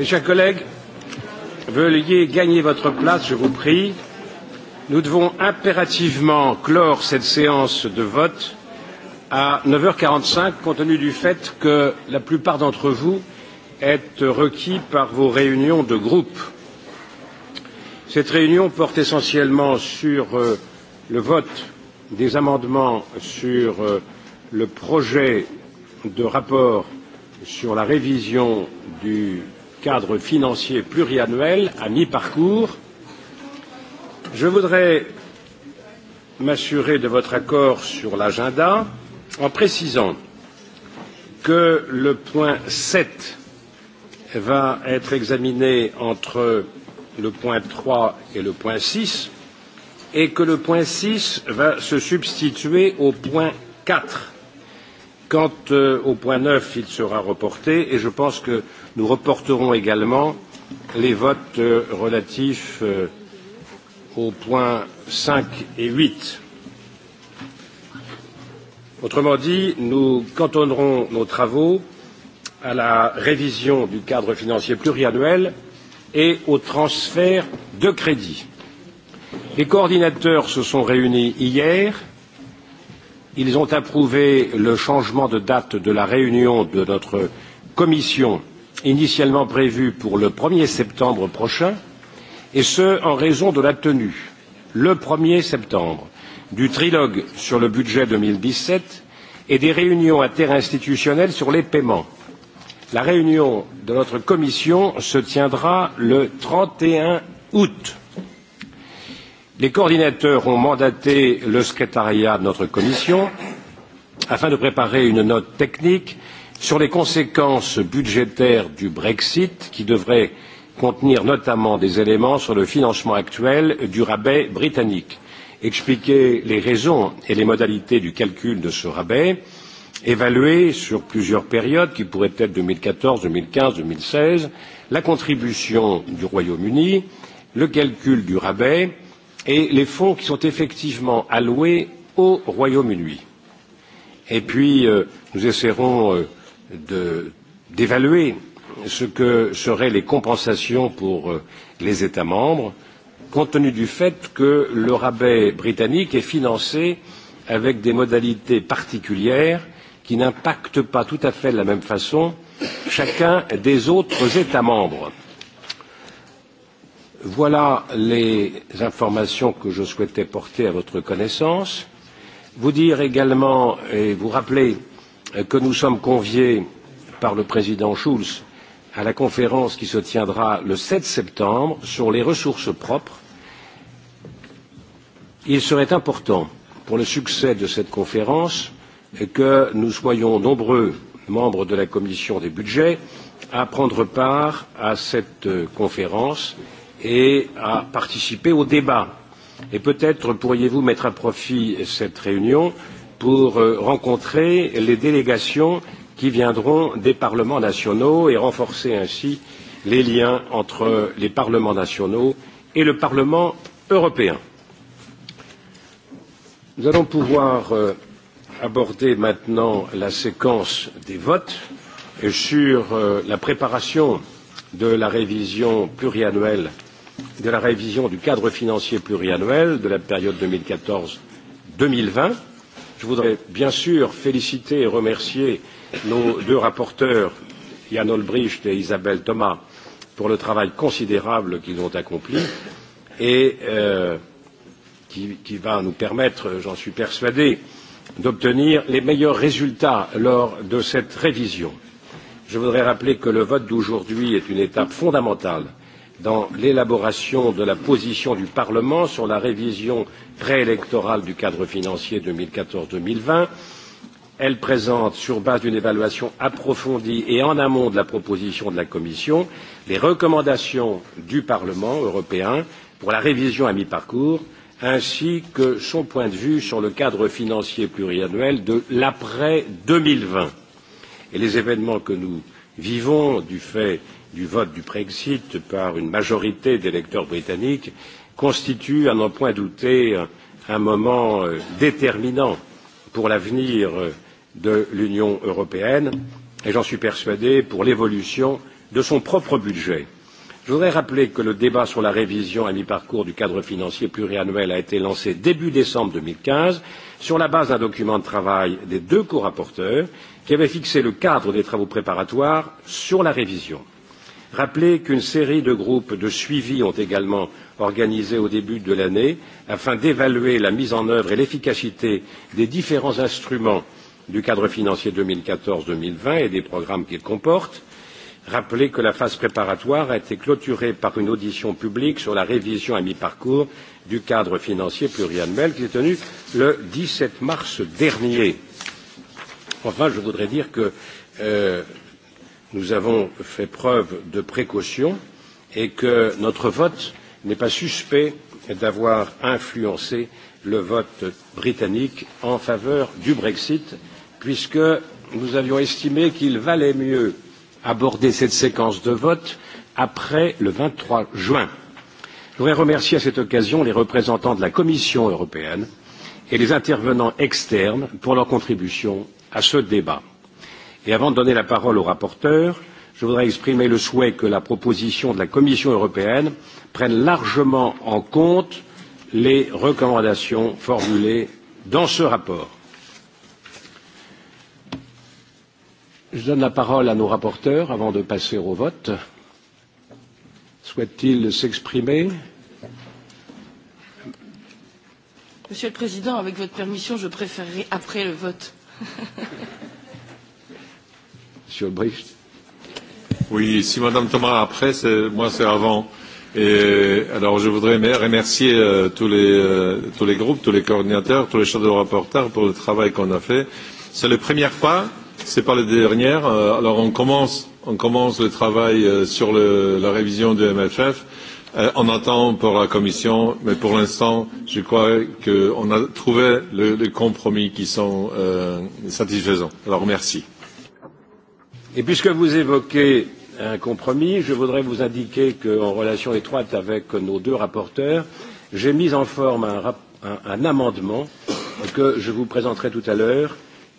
Mes chers collègues, veuillez gagner votre place, je vous prie. Nous devons impérativement clore cette séance de vote à 9h45, compte tenu du fait que la plupart d'entre vous êtes requis par vos réunions de groupe. Cette réunion porte essentiellement sur euh, le vote des amendements sur euh, le projet de rapport sur la révision du cadre financier pluriannuel à mi-parcours. Je voudrais m'assurer de votre accord sur l'agenda en précisant que le point sept va être examiné entre le point trois et le point six et que le point six va se substituer au point quatre Quant euh, au point 9, il sera reporté et je pense que nous reporterons également les votes euh, relatifs euh, aux points 5 et 8. Autrement dit, nous cantonnerons nos travaux à la révision du cadre financier pluriannuel et au transfert de crédits. Les coordinateurs se sont réunis hier Ils ont approuvé le changement de date de la réunion de notre commission initialement prévue pour le 1er septembre prochain, et ce en raison de la tenue, le 1er septembre, du trilogue sur le budget 2017 et des réunions interinstitutionnelles sur les paiements. La réunion de notre commission se tiendra le 31 août Les coordinateurs ont mandaté le secrétariat de notre commission afin de préparer une note technique sur les conséquences budgétaires du Brexit qui devrait contenir notamment des éléments sur le financement actuel du rabais britannique, expliquer les raisons et les modalités du calcul de ce rabais, évaluer sur plusieurs périodes qui pourraient être deux deux mille mille quatorze quinze deux mille seize la contribution du Royaume-Uni, le calcul du rabais et les fonds qui sont effectivement alloués au Royaume-Uni. Et puis, euh, nous essaierons euh, d'évaluer ce que seraient les compensations pour euh, les États membres, compte tenu du fait que le rabais britannique est financé avec des modalités particulières qui n'impactent pas tout à fait de la même façon chacun des autres États membres. Voilà les informations que je souhaitais porter à votre connaissance. Vous dire également et vous rappeler que nous sommes conviés par le président Schulz à la conférence qui se tiendra le 7 septembre sur les ressources propres. Il serait important pour le succès de cette conférence que nous soyons nombreux membres de la commission des budgets à prendre part à cette conférence et à participer au débat. Et peut-être pourriez-vous mettre à profit cette réunion pour euh, rencontrer les délégations qui viendront des parlements nationaux et renforcer ainsi les liens entre les parlements nationaux et le Parlement européen. Nous allons pouvoir euh, aborder maintenant la séquence des votes sur euh, la préparation de la révision pluriannuelle de la révision du cadre financier pluriannuel de la période 2014-2020. Je voudrais bien sûr féliciter et remercier nos deux rapporteurs, Jan Olbricht et Isabelle Thomas, pour le travail considérable qu'ils ont accompli et euh, qui, qui va nous permettre, j'en suis persuadé, d'obtenir les meilleurs résultats lors de cette révision. Je voudrais rappeler que le vote d'aujourd'hui est une étape fondamentale dans l'élaboration de la position du Parlement sur la révision préélectorale du cadre financier 2014-2020. Elle présente, sur base d'une évaluation approfondie et en amont de la proposition de la Commission, les recommandations du Parlement européen pour la révision à mi-parcours, ainsi que son point de vue sur le cadre financier pluriannuel de l'après 2020 et les événements que nous vivons du fait du vote du Brexit par une majorité d'électeurs britanniques constitue, à n'en point douter, un moment euh, déterminant pour l'avenir euh, de l'Union européenne et, j'en suis persuadé, pour l'évolution de son propre budget. Je voudrais rappeler que le débat sur la révision à mi-parcours du cadre financier pluriannuel a été lancé début décembre 2015 sur la base d'un document de travail des deux corapporteurs qui avait fixé le cadre des travaux préparatoires sur la révision rappeler qu'une série de groupes de suivi ont également organisé au début de l'année afin d'évaluer la mise en œuvre et l'efficacité des différents instruments du cadre financier deux deux mille quatorze mille vingt et des programmes qu'ils comportent rappeler que la phase préparatoire a été clôturée par une audition publique sur la révision à mi-parcours du cadre financier pluriannuel qui s'est tenue le dix sept mars dernier. Enfin, je voudrais dire que euh, nous avons fait preuve de précaution et que notre vote n'est pas suspect d'avoir influencé le vote britannique en faveur du Brexit, puisque nous avions estimé qu'il valait mieux aborder cette séquence de vote après le 23 juin. Je voudrais remercier à cette occasion les représentants de la Commission européenne et les intervenants externes pour leur contribution à ce débat. Et avant de donner la parole au rapporteur, je voudrais exprimer le souhait que la proposition de la Commission européenne prenne largement en compte les recommandations formulées dans ce rapport. Je donne la parole à nos rapporteurs avant de passer au vote. Souhaite-t-il s'exprimer Monsieur le Président, avec votre permission, je préférerais après le vote. Monsieur Albrecht. Oui, si Madame Thomas après, c'est, moi c'est avant. Et alors je voudrais remercier euh, tous, les, euh, tous les groupes, tous les coordinateurs, tous les chefs de rapporteurs pour le travail qu'on a fait. C'est le premier pas, ce n'est pas le dernier. Euh, alors on commence, on commence le travail euh, sur le, la révision du MFF. Euh, on attend pour la Commission, mais pour l'instant, je crois qu'on a trouvé le, les compromis qui sont euh, satisfaisants. Alors merci. Et puisque vous évoquez un compromis, je voudrais vous indiquer qu'en relation étroite avec nos deux rapporteurs, j'ai mis en forme un, un, un amendement que je vous présenterai tout à l'heure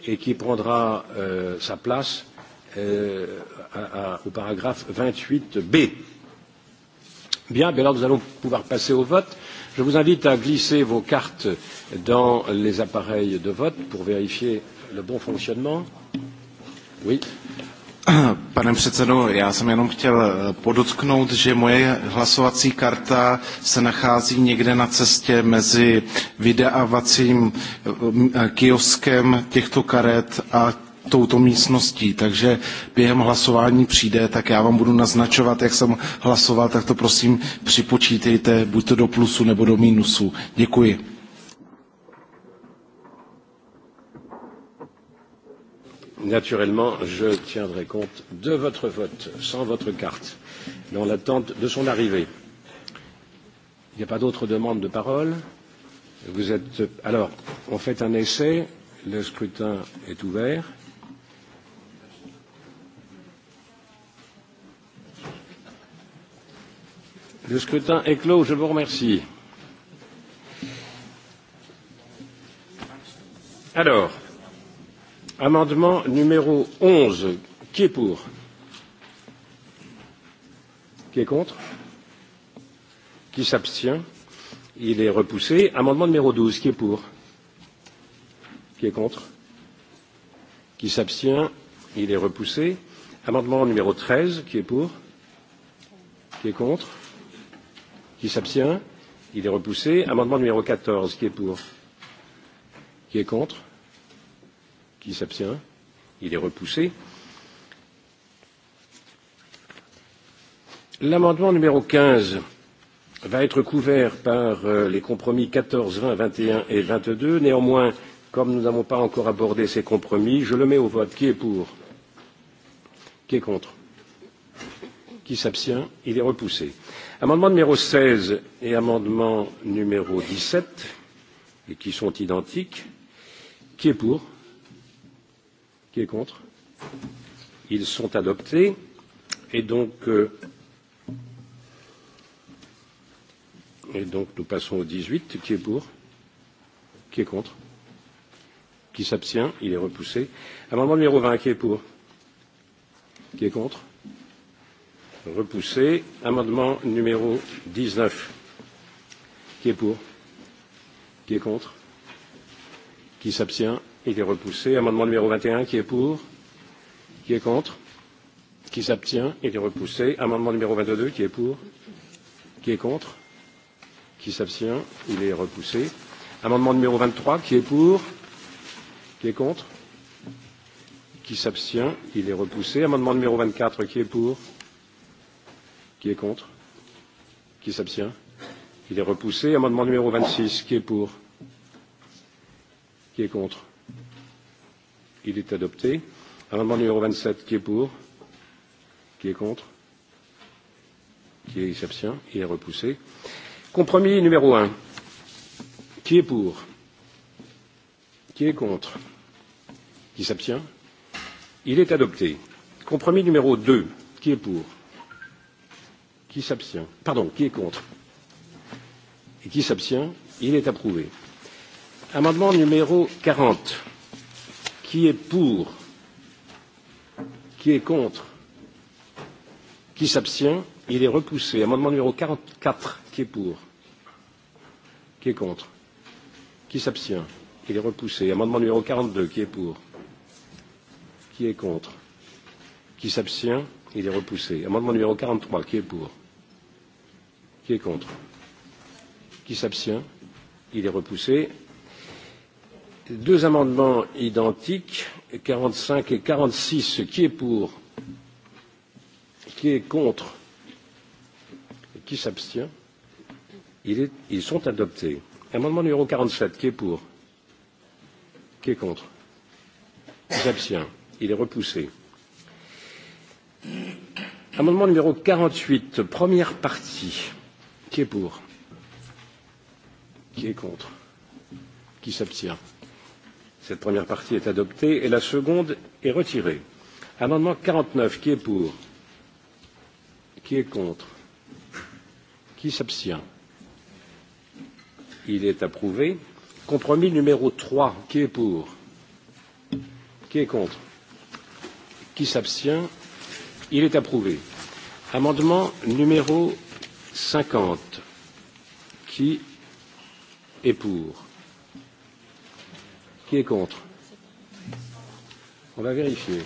et qui prendra euh, sa place euh, à, à, au paragraphe 28b. Bien, bien alors nous allons pouvoir passer au vote. Je vous invite à glisser vos cartes dans les appareils de vote pour vérifier le bon fonctionnement. Oui. Pane předsedo, já jsem jenom chtěl eh, podotknout, že moje hlasovací karta se nachází někde na cestě mezi vydávacím eh, eh, kioskem těchto karet a touto místností, takže během hlasování přijde, tak já vám budu naznačovat, jak jsem hlasoval, tak to prosím připočítejte buď to do plusu nebo do minusu, Děkuji. Naturellement, je tiendrai compte de votre vote, sans votre carte, dans l'attente de son arrivée. Il n'y a pas d'autres demandes de parole Vous êtes... Alors, on fait un essai. Le scrutin est ouvert. Le scrutin est clos. Je vous remercie. Alors, Amendement numéro 11. Qui est pour Qui est contre Qui s'abstient Il est repoussé. Amendement numéro 12. Qui est pour Qui est contre Qui s'abstient Il est repoussé. Amendement numéro 13. Qui est pour Qui est contre Qui s'abstient Il est repoussé. Amendement numéro 14. Qui est pour Qui est contre Qui s'abstient Il est repoussé. L'amendement numéro 15 va être couvert par euh, les compromis 14, 20, 21 et 22. Néanmoins, comme nous n'avons pas encore abordé ces compromis, je le mets au vote. Qui est pour Qui est contre Qui s'abstient Il est repoussé. Amendement numéro 16 et amendement numéro 17, et qui sont identiques. Qui est pour Qui est contre Ils sont adoptés. Et donc, euh, et donc, nous passons au 18. Qui est pour Qui est contre Qui s'abstient Il est repoussé. Amendement numéro 20. Qui est pour Qui est contre Repoussé. Amendement numéro 19. Qui est pour Qui est contre Qui s'abstient Il est repoussé. Amendement numéro 21, qui est pour Qui est contre Qui s'abstient Il est repoussé. Amendement numéro 22, qui est pour Qui est contre Qui s'abstient Il est repoussé. Amendement numéro 23, qui est pour Qui est contre Qui s'abstient Il est repoussé. Amendement numéro 24, qui est pour Qui est contre Qui s'abstient Il est repoussé. Amendement numéro 26, qui est pour Qui est contre Il est adopté. Amendement numéro 27, qui est pour Qui est contre Qui s'abstient Il est repoussé. Compromis numéro 1. Qui est pour Qui est contre Qui s'abstient Il est adopté. Compromis numéro 2. Qui est pour Qui s'abstient Pardon, qui est contre Et qui s'abstient Il est approuvé. Amendement numéro 40 Qui est pour Qui est contre Qui s'abstient Il est repoussé. Amendement numéro 44. Qui est pour Qui est contre Qui s'abstient Il est repoussé. Amendement numéro 42. Qui est pour Qui est contre Qui s'abstient Il est repoussé. Amendement numéro 43. Qui est pour Qui est contre Qui s'abstient Il est repoussé. Deux amendements identiques, quarante cinq et quarante six Qui est pour Qui est contre et Qui s'abstient Ils sont adoptés. Amendement numéro sept Qui est pour Qui est contre Qui s'abstient Il est repoussé. Amendement numéro huit première partie. Qui est pour Qui est contre Qui s'abstient Cette première partie est adoptée et la seconde est retirée. Amendement 49, qui est pour Qui est contre Qui s'abstient Il est approuvé. Compromis numéro 3, qui est pour Qui est contre Qui s'abstient Il est approuvé. Amendement numéro 50, qui est pour Qui est contre On va vérifier.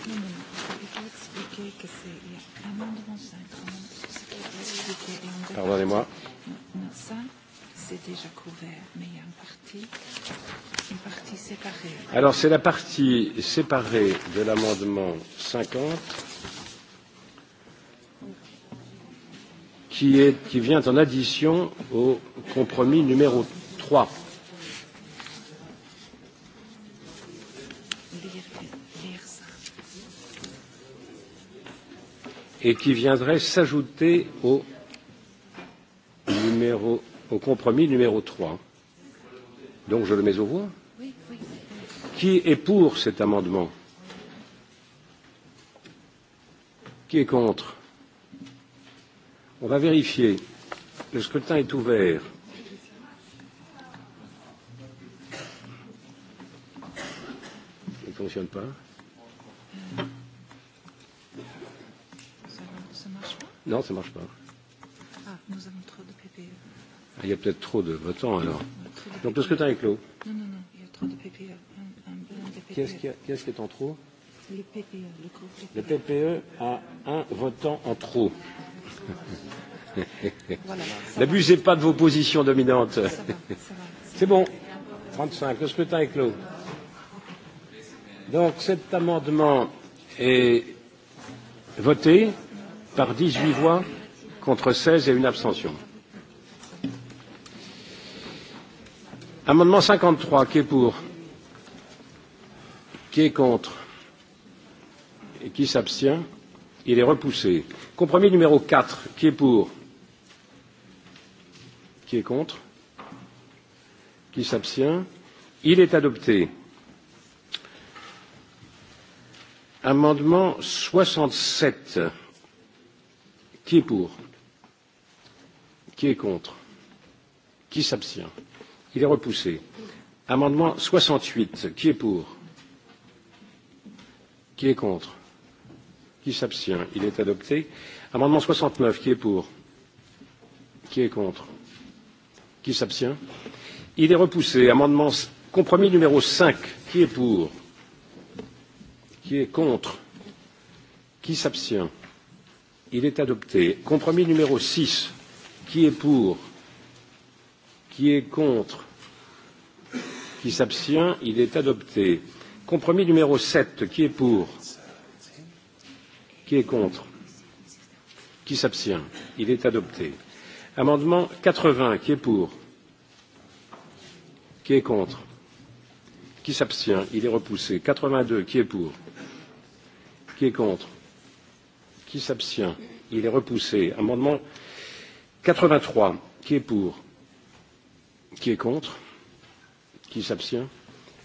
Pardonnez-moi. C'est déjà couvert, mais il y a une partie, une partie séparée. Alors, c'est la partie séparée de l'amendement 50 qui, est, qui vient en addition au compromis numéro 3. et qui viendrait s'ajouter au, numéro, au compromis numéro 3. Donc je le mets aux voix. Qui est pour cet amendement Qui est contre On va vérifier. Le scrutin est ouvert. Il ne fonctionne pas. Non, ça ne marche pas. Ah, nous avons trop de PPE. Ah, il y a peut-être trop de votants alors. De Donc le scrutin est clos. Non, non, non, il y a trop de PPE. Un, PPE. Qui, ce qui, qu qui est en trop Le PPE, le groupe PPE. Le PPE a un votant en trop. voilà, N'abusez pas de vos positions dominantes. C'est bon. 35. Le scrutin est clos. Donc cet amendement est voté par dix huit voix contre seize et une abstention. Amendement cinquante trois, qui est pour Qui est contre Et qui s'abstient Il est repoussé. Compromis numéro quatre, qui est pour Qui est contre Qui s'abstient Il est adopté. Amendement soixante sept. Qui est pour Qui est contre Qui s'abstient Il est repoussé. Amendement 68. Qui est pour Qui est contre Qui s'abstient Il est adopté. Amendement 69. Qui est pour Qui est contre Qui s'abstient Il est repoussé. Amendement compromis numéro 5. Qui est pour Qui est contre Qui s'abstient Il est adopté. Compromis numéro 6. Qui est pour Qui est contre Qui s'abstient Il est adopté. Compromis numéro 7. Qui est pour Qui est contre Qui s'abstient Il est adopté. Amendement 80. Qui est pour Qui est contre Qui s'abstient Il est repoussé. 82. Qui est pour Qui est contre Qui s'abstient Il est repoussé. Amendement 83. Qui est pour Qui est contre Qui s'abstient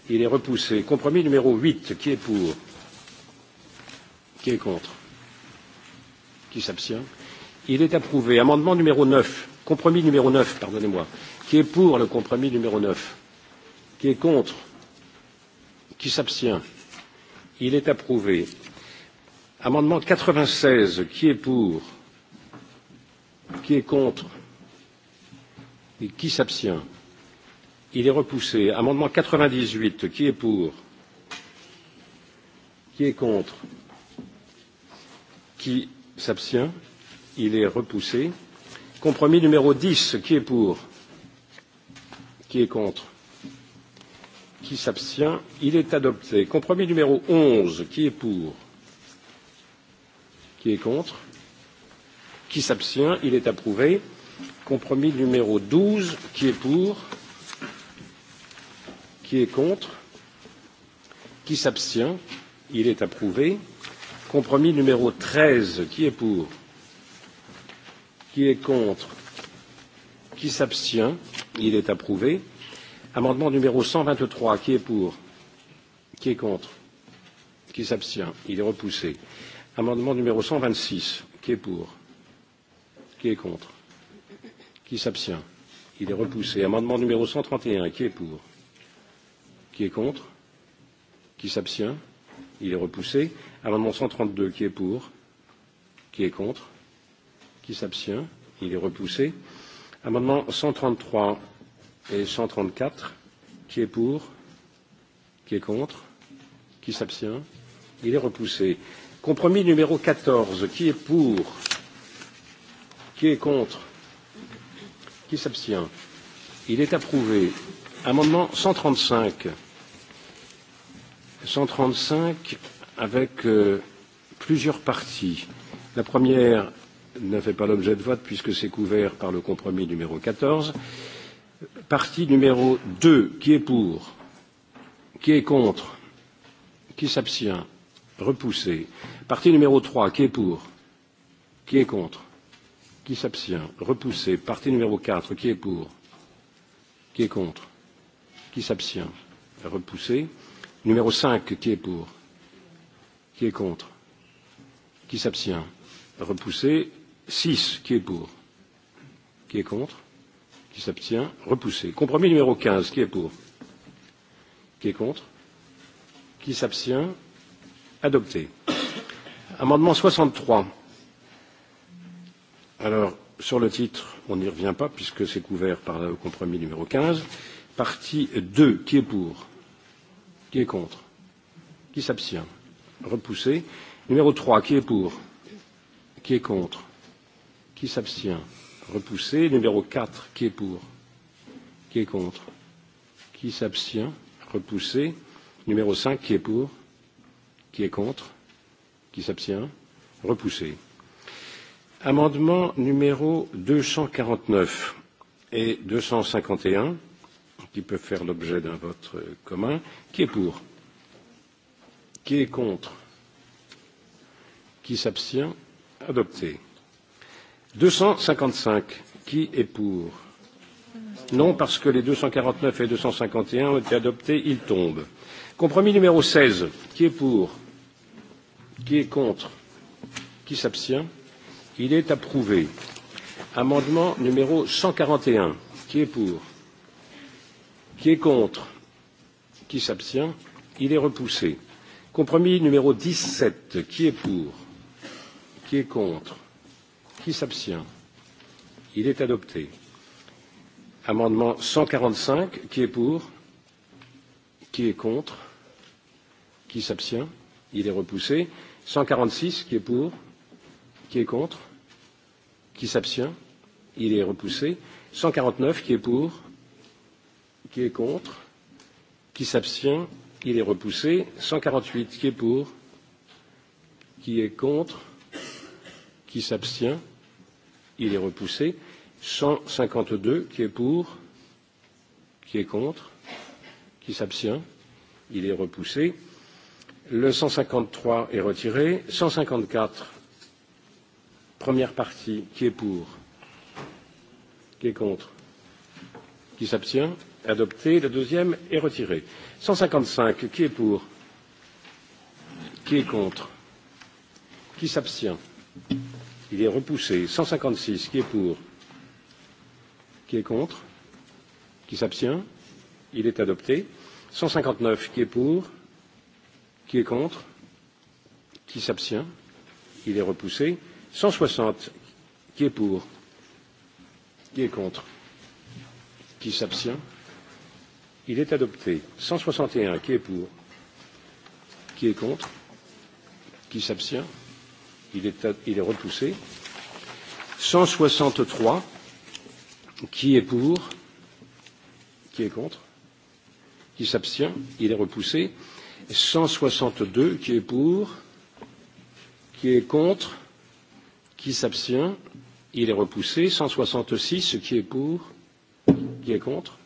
Il est repoussé. Compromis numéro 8. Qui est pour Qui est contre Qui s'abstient Il est approuvé. Amendement numéro neuf Compromis numéro neuf pardonnez-moi. Qui est pour le compromis numéro neuf Qui est contre Qui s'abstient Il est approuvé. Amendement quatre vingt seize qui est pour Qui est contre Et qui s'abstient Il est repoussé. Amendement quatre vingt dix huit qui est pour Qui est contre Qui s'abstient Il est repoussé. Compromis numéro dix qui est pour Qui est contre Qui s'abstient Il est adopté. Compromis numéro onze qui est pour Qui est contre Qui s'abstient Il est approuvé. Compromis numéro 12. Qui est pour Qui est contre Qui s'abstient Il est approuvé. Compromis numéro 13. Qui est pour Qui est contre Qui s'abstient Il est approuvé. Amendement numéro 123. Qui est pour Qui est contre Qui s'abstient Il est repoussé. Amendement numéro 126. Qui est pour Qui est contre Qui s'abstient Il est repoussé. Amendement numéro 131. Qui est pour Qui est contre Qui s'abstient Il est repoussé. Amendement 132. Qui est pour Qui est contre Qui s'abstient Il est repoussé. Amendement 133 et 134. Qui est pour Qui est contre Qui s'abstient Il est repoussé. Compromis numéro quatorze Qui est pour Qui est contre Qui s'abstient Il est approuvé. Amendement cent cent trente cinq trente cinq avec euh, plusieurs parties. La première ne fait pas l'objet de vote puisque c'est couvert par le compromis numéro quatorze Partie numéro deux Qui est pour Qui est contre Qui s'abstient repoussé. Partie numéro 3, qui est pour Qui est contre Qui s'abstient Repoussé. Partie numéro 4, qui est pour Qui est contre Qui s'abstient Repoussé. Numéro 5, qui est pour Qui est contre Qui s'abstient Repoussé. 6, qui est pour Qui est contre Qui s'abstient Repoussé. Compromis numéro 15, qui est pour Qui est contre Qui s'abstient Adopté. Amendement 63. Alors, sur le titre, on n'y revient pas puisque c'est couvert par le compromis numéro 15. Partie 2, qui est pour Qui est contre Qui s'abstient Repoussé. Numéro 3, qui est pour Qui est contre Qui s'abstient Repoussé. Numéro 4, qui est pour Qui est contre Qui s'abstient Repoussé. Numéro 5, qui est pour Qui est contre Qui s'abstient Repoussé. Amendement numéro 249 et 251, qui peuvent faire l'objet d'un vote euh, commun. Qui est pour Qui est contre Qui s'abstient Adopté. 255. Qui est pour Non, parce que les 249 et 251 ont été adoptés, ils tombent. Compromis numéro seize Qui est pour Qui est contre Qui s'abstient Il est approuvé. Amendement numéro un Qui est pour Qui est contre Qui s'abstient Il est repoussé. Compromis numéro sept Qui est pour Qui est contre Qui s'abstient Il est adopté. Amendement cent quarante cinq Qui est pour Qui est contre Qui s'abstient Il est repoussé. 146, qui est pour Qui est contre Qui s'abstient Il est repoussé. 149, qui est pour Qui est contre Qui s'abstient Il est repoussé. 148, qui est pour Qui est contre Qui s'abstient Il est repoussé. 152, qui est pour Qui est contre Qui s'abstient Il est repoussé. Le cent cinquante trois est retiré. Cent cinquante quatre, première partie, qui est pour Qui est contre Qui s'abstient Adopté. La deuxième est retirée. cinq, qui est pour Qui est contre Qui s'abstient Il est repoussé. Cent cinquante six, qui est pour Qui est contre Qui s'abstient Il est adopté. Cent cinquante neuf, qui est pour Qui est contre Qui s'abstient Il est repoussé. soixante Qui est pour Qui est contre Qui s'abstient Il est adopté. un Qui est pour Qui est contre Qui s'abstient il est, il est repoussé. trois Qui est pour Qui est contre Qui s'abstient Il est repoussé. 162, qui est pour, qui est contre, qui s'abstient, il est repoussé. 166, qui est pour, qui est contre,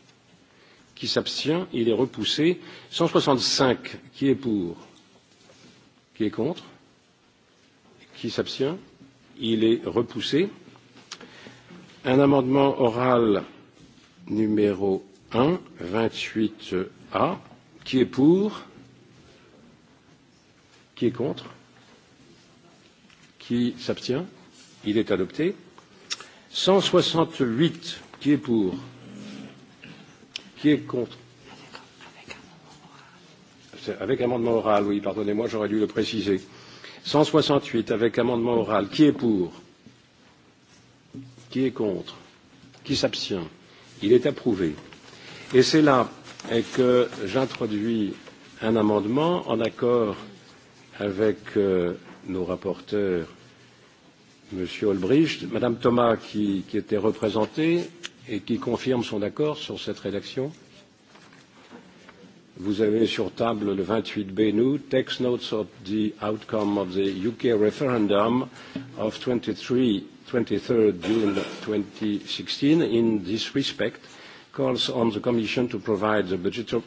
qui s'abstient, il est repoussé. 165, qui est pour, qui est contre, qui s'abstient, il est repoussé. Un amendement oral numéro 1, 28A, qui est pour, Qui est contre Qui s'abstient Il est adopté. 168, qui est pour Qui est contre avec amendement oral, oui, pardonnez-moi, j'aurais dû le préciser. 168 avec amendement oral. Qui est pour Qui est contre Qui s'abstient Il est approuvé. Et c'est là que j'introduis un amendement en accord avec euh, nos rapporteurs, M. Olbricht, Mme Thomas qui, qui était représentée et qui confirme son accord sur cette rédaction. Vous avez sur table le 28B nous, text notes of the outcome of the UK referendum of 23, 23rd June 2016. In this respect, calls on the Commission to provide the budgetary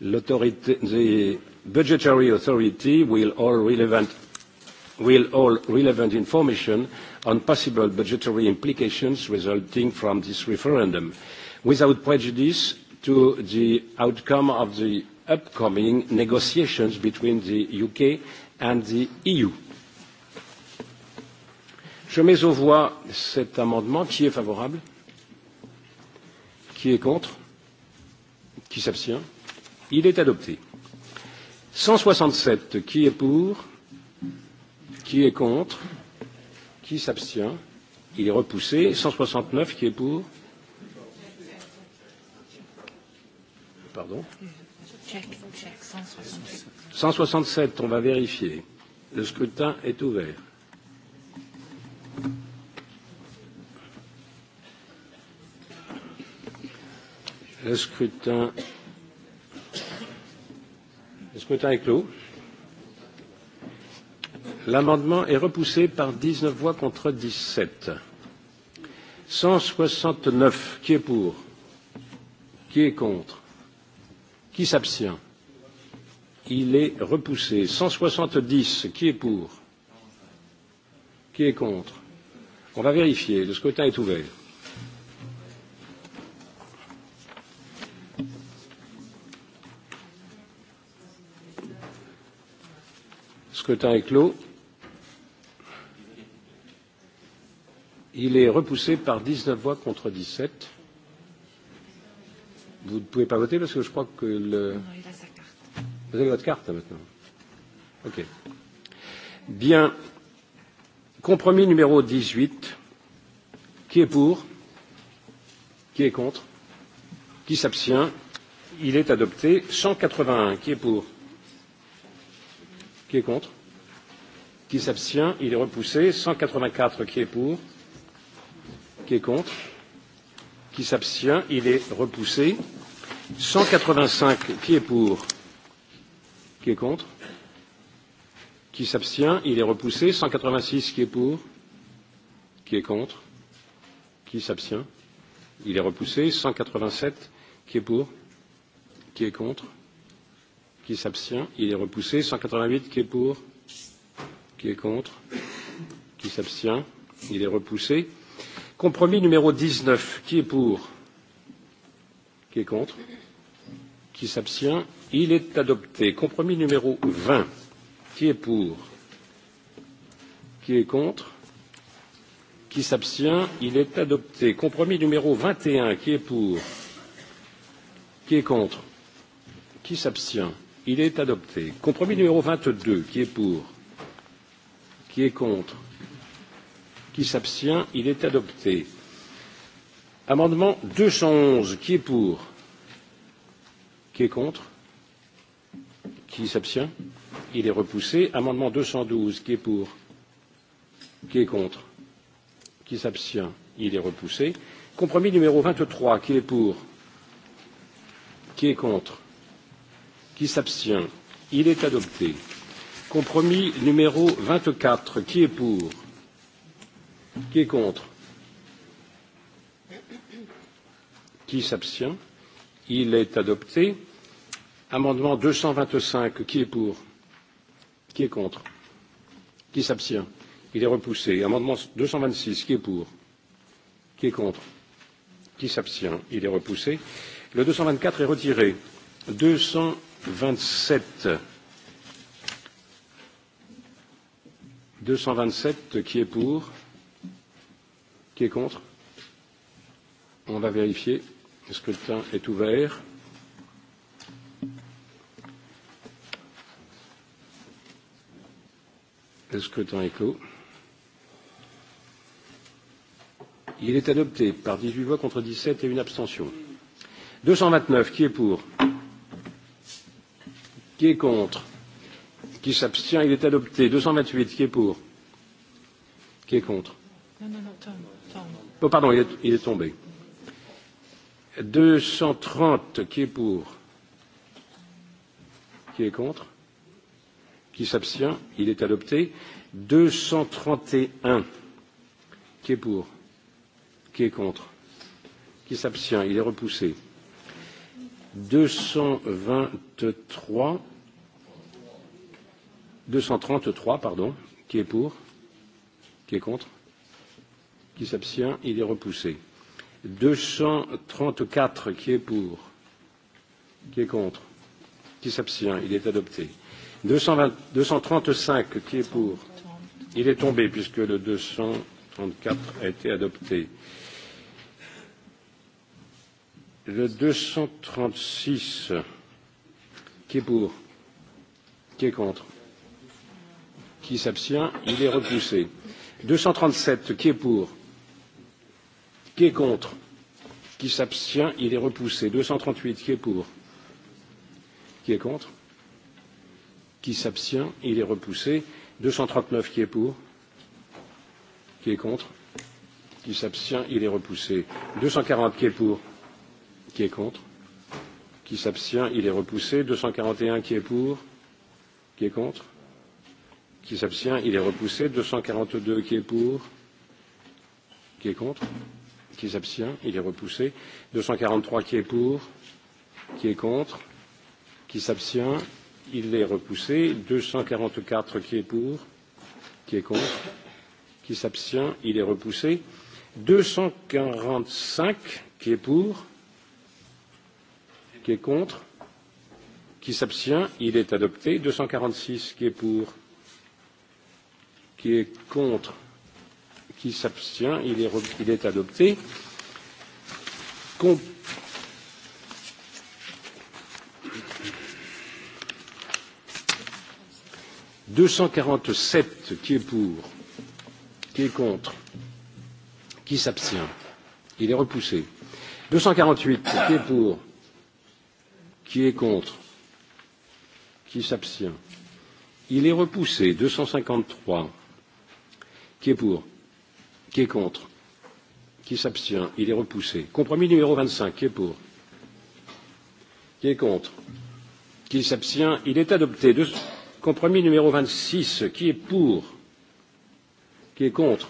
the budgetary authority will all relevant will all relevant information on possible budgetary implications resulting from this referendum, without prejudice to the outcome of the upcoming negotiations between the U.K. and the EU. Je mets aux voix cet amendement. Qui est favorable? Qui est contre? Qui s'abstient? Il est adopté. 167, qui est pour Qui est contre Qui s'abstient Il est repoussé. 169, qui est pour Pardon 167, on va vérifier. Le scrutin est ouvert. Le scrutin Le scrutin est clos. L'amendement est repoussé par 19 voix contre 17. 169. Qui est pour Qui est contre Qui s'abstient Il est repoussé. 170. Qui est pour Qui est contre On va vérifier. Le scrutin est ouvert. scrutin est clos. Il est repoussé par 19 voix contre 17. Vous ne pouvez pas voter parce que je crois que le... Non, il a sa carte. Vous avez votre carte maintenant. OK. Bien. Compromis numéro 18. Qui est pour Qui est contre Qui s'abstient Il est adopté. 181. Qui est pour Qui est contre Qui s'abstient Il est repoussé. cent quatre vingt quatre qui est pour Qui est contre Qui s'abstient Il est repoussé. cent quatre vingt cinq qui est pour Qui est contre Qui s'abstient Il est repoussé. cent quatre vingt six qui est pour Qui est contre Qui s'abstient Il est repoussé. cent quatre vingt sept qui est pour Qui est contre Qui s'abstient Il est repoussé. cent quatre vingt huit qui est pour Qui est contre Qui s'abstient Il est repoussé. Compromis numéro 19. Qui est pour Qui est contre Qui s'abstient Il est adopté. Compromis numéro 20. Qui est pour Qui est contre Qui s'abstient Il est adopté. Compromis numéro 21. Qui est pour Qui est contre Qui s'abstient Il est adopté. Compromis numéro 22. Qui est pour Qui est contre Qui s'abstient Il est adopté. Amendement 211. Qui est pour Qui est contre Qui s'abstient Il est repoussé. Amendement 212. Qui est pour Qui est contre Qui s'abstient Il est repoussé. Compromis numéro 23. Qui est pour Qui est contre Qui s'abstient Il est adopté. Compromis numéro quatre Qui est pour Qui est contre Qui s'abstient Il est adopté. Amendement deux cent vingt cinq Qui est pour Qui est contre Qui s'abstient Il est repoussé. Amendement deux cent vingt six Qui est pour Qui est contre Qui s'abstient Il est repoussé. Le deux cent vingt quatre est retiré. deux cent vingt sept 227, qui est pour Qui est contre On va vérifier. Le scrutin est ouvert. Le scrutin est clos. Il est adopté par 18 voix contre 17 et une abstention. 229, qui est pour Qui est contre Qui s'abstient Il est adopté. 228, qui est pour Qui est contre Non, non, non, Tom. Tom. Oh, pardon, il est, il est tombé. 230, qui est pour Qui est contre Qui s'abstient Il est adopté. 231, qui est pour Qui est contre Qui s'abstient Il est repoussé. 223 233, pardon, qui est pour, qui est contre, qui s'abstient, il est repoussé. 234, qui est pour, qui est contre, qui s'abstient, il est adopté. 220, 235, qui est pour, il est tombé puisque le 234 a été adopté. Le 236, qui est pour, qui est contre, Qui s'abstient Il est repoussé. deux cent trente sept qui est pour Qui est contre Qui s'abstient Il est repoussé. deux cent trente huit qui est pour Qui est contre Qui s'abstient Il est repoussé. deux cent trente neuf qui est pour Qui est contre Qui s'abstient Il est repoussé. deux cent quarante qui est pour Qui est contre Qui s'abstient Il est repoussé. deux cent quarante et un qui est pour Qui est contre Qui s'abstient Il est repoussé. 242 qui est pour Qui est contre Qui s'abstient Il est repoussé. 243 qui est pour Qui est contre Qui s'abstient Il est repoussé. 244 qui est pour Qui est contre Qui s'abstient Il est repoussé. 245 qui est pour Qui est contre Qui s'abstient Il est adopté. 246 qui est pour qui est contre, qui s'abstient, il est, il est adopté. Com deux cent quarante sept qui est pour, qui est contre, qui s'abstient, il est repoussé. deux cent quarante huit qui est pour, qui est contre, qui s'abstient, il est repoussé. deux cent cinquante trois Qui est pour Qui est contre Qui s'abstient Il est repoussé. Compromis numéro 25. Qui est pour Qui est contre Qui s'abstient Il est adopté. De... Compromis numéro 26. Qui est pour Qui est contre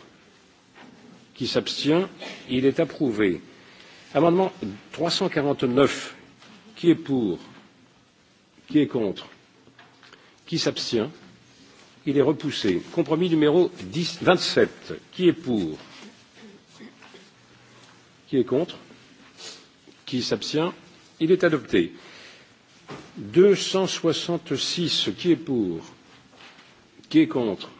Qui s'abstient Il est approuvé. Amendement 349. Qui est pour Qui est contre Qui s'abstient Il est repoussé. Compromis numéro 10, 27. Qui est pour Qui est contre Qui s'abstient Il est adopté. 266. Qui est pour Qui est contre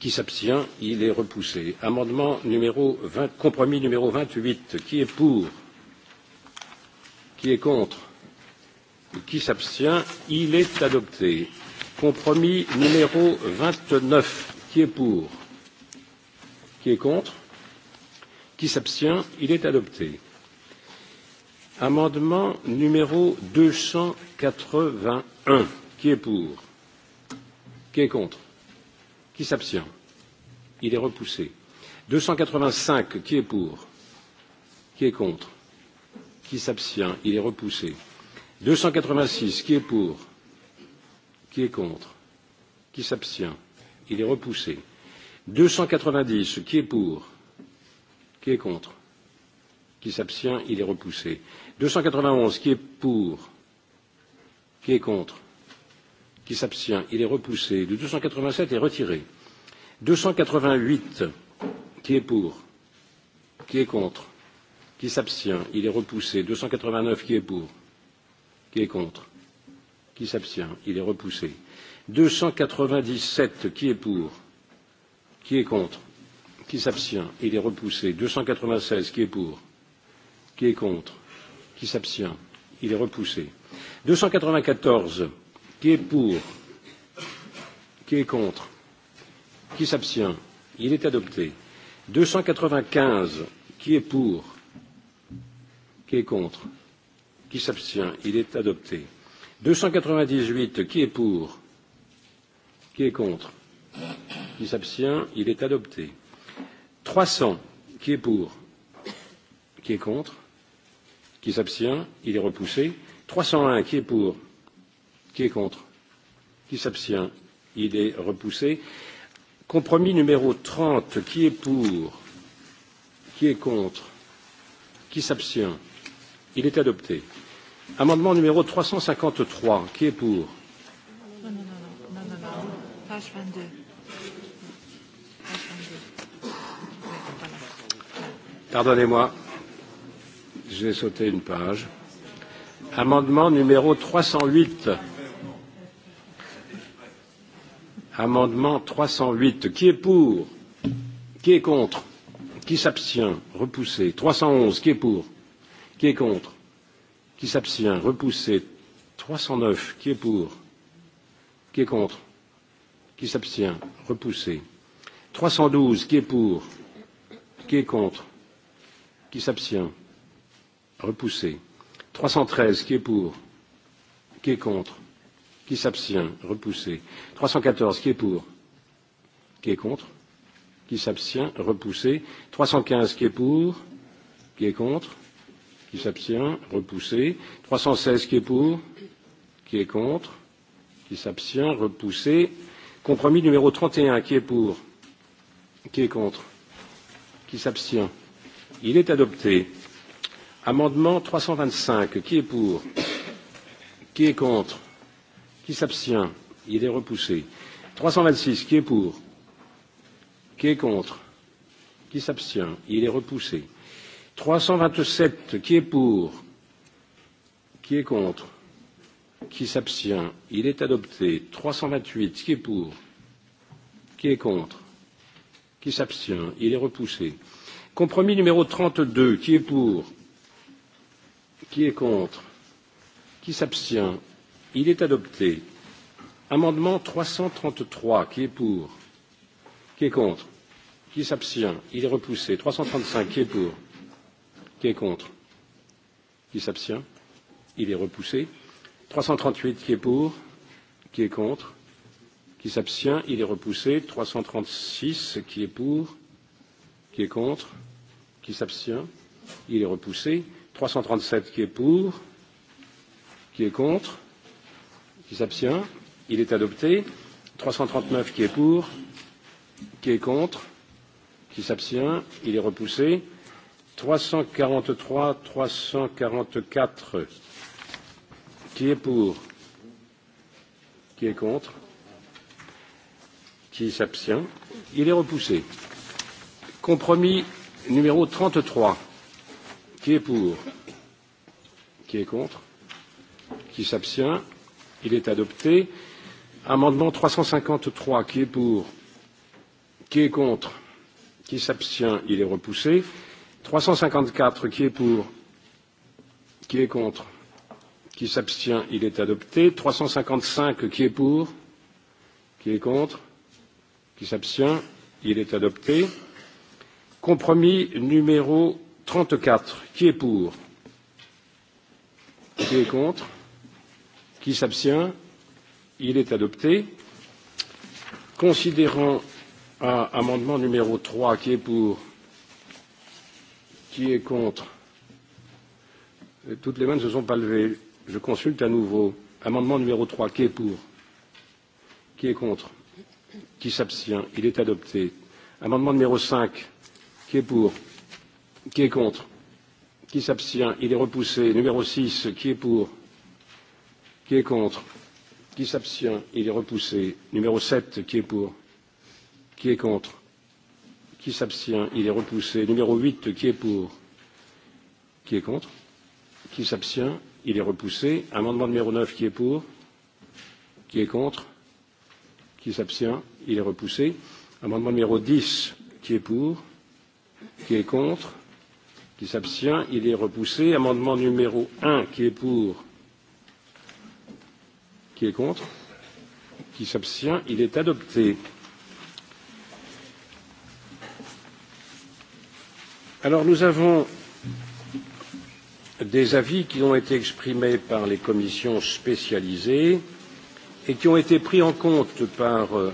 Qui s'abstient Il est repoussé. Amendement numéro 20, compromis numéro 28. Qui est pour Qui est contre Qui s'abstient Il est adopté compromis numéro neuf Qui est pour Qui est contre Qui s'abstient Il est adopté. Amendement numéro un Qui est pour Qui est contre Qui s'abstient Il est repoussé. deux cent quatre vingt cinq Qui est pour Qui est contre Qui s'abstient Il est repoussé. deux cent quatre vingt six Qui est pour Qui est contre Qui s'abstient Il est repoussé. deux cent quatre vingt dix qui est pour Qui est contre Qui s'abstient Il est repoussé. deux cent quatre vingt onze qui est pour Qui est contre Qui s'abstient Il est repoussé. Le sept est retiré. deux cent quatre vingt huit qui est pour Qui est contre Qui s'abstient Il est repoussé. deux cent quatre vingt neuf qui est pour Qui est contre Qui s'abstient Il est repoussé. 297, qui est pour Qui est contre Qui s'abstient Il est repoussé. 296, qui est pour Qui est contre Qui s'abstient Il est repoussé. 294, qui est pour Qui est contre Qui s'abstient Il est adopté. 295, qui est pour Qui est contre Qui s'abstient Il est adopté deux cent quatre vingt dix huit qui est pour qui est contre qui s'abstient il est adopté trois cents qui est pour qui est contre qui s'abstient il est repoussé trois cent un qui est pour qui est contre qui s'abstient il est repoussé compromis numéro trente qui est pour qui est contre qui s'abstient il est adopté. Amendement numéro 353. Qui est pour Non, non, non, non, non, non, page 22. Pardonnez-moi, j'ai sauté une page. Amendement numéro 308. Amendement 308. Qui est pour Qui est contre Qui s'abstient Repoussé. 311. Qui est pour Qui est contre qui s'abstient, repoussé. trois cent neuf qui est pour, qui est contre, qui s'abstient, repoussé. trois cent douze qui est pour, qui est contre, qui s'abstient, repoussé. trois cent treize qui est pour, qui est contre, qui s'abstient, repoussé. trois cent quatorze qui est pour, qui est contre, qui s'abstient, repoussé. trois cent quinze qui est pour, qui est contre, qui s'abstient, repoussé. 316 qui est pour, qui est contre, qui s'abstient, repoussé. Compromis numéro 31 qui est pour, qui est contre, qui s'abstient. Il est adopté. Amendement 325 qui est pour, qui est contre, qui s'abstient. Il est repoussé. 326 qui est pour, qui est contre, qui s'abstient. Il est repoussé. 327, qui est pour Qui est contre Qui s'abstient Il est adopté. 328, qui est pour Qui est contre Qui s'abstient Il est repoussé. Compromis numéro 32, qui est pour Qui est contre Qui s'abstient Il est adopté. Amendement 333, qui est pour Qui est contre Qui s'abstient Il est repoussé. 335, qui est pour Qui est contre Qui s'abstient Il est repoussé. 338 qui est pour Qui est contre Qui s'abstient Il est repoussé. 336 qui est pour Qui est contre Qui s'abstient Il est repoussé. 337 qui est pour Qui est contre Qui s'abstient Il est adopté. 339 qui est pour Qui est contre Qui s'abstient Il est repoussé. 343, 344. Qui est pour Qui est contre Qui s'abstient Il est repoussé. Compromis numéro 33. Qui est pour Qui est contre Qui s'abstient Il est adopté. Amendement 353. Qui est pour Qui est contre Qui s'abstient Il est repoussé. 354 qui est pour, qui est contre, qui s'abstient, il est adopté. 355 qui est pour, qui est contre, qui s'abstient, il est adopté. Compromis numéro 34 qui est pour, qui est contre, qui s'abstient, il est adopté. Considérant à amendement numéro 3 qui est pour, Qui est contre Toutes les mains ne se sont pas levées. Je consulte à nouveau. Amendement numéro 3, qui est pour Qui est contre Qui s'abstient Il est adopté. Amendement numéro 5, qui est pour Qui est contre Qui s'abstient Il est repoussé. Numéro 6, qui est pour Qui est contre Qui s'abstient Il est repoussé. Numéro 7, qui est pour Qui est contre Qui s'abstient Il est repoussé. Numéro 8, qui est pour Qui est contre Qui s'abstient Il est repoussé. Amendement numéro 9, qui est pour Qui est contre Qui s'abstient Il est repoussé. Amendement numéro 10, qui est pour Qui est contre Qui s'abstient Il est repoussé. Amendement numéro 1, qui est pour Qui est contre Qui s'abstient Il est adopté. Alors nous avons des avis qui ont été exprimés par les commissions spécialisées et qui ont été pris en compte par euh,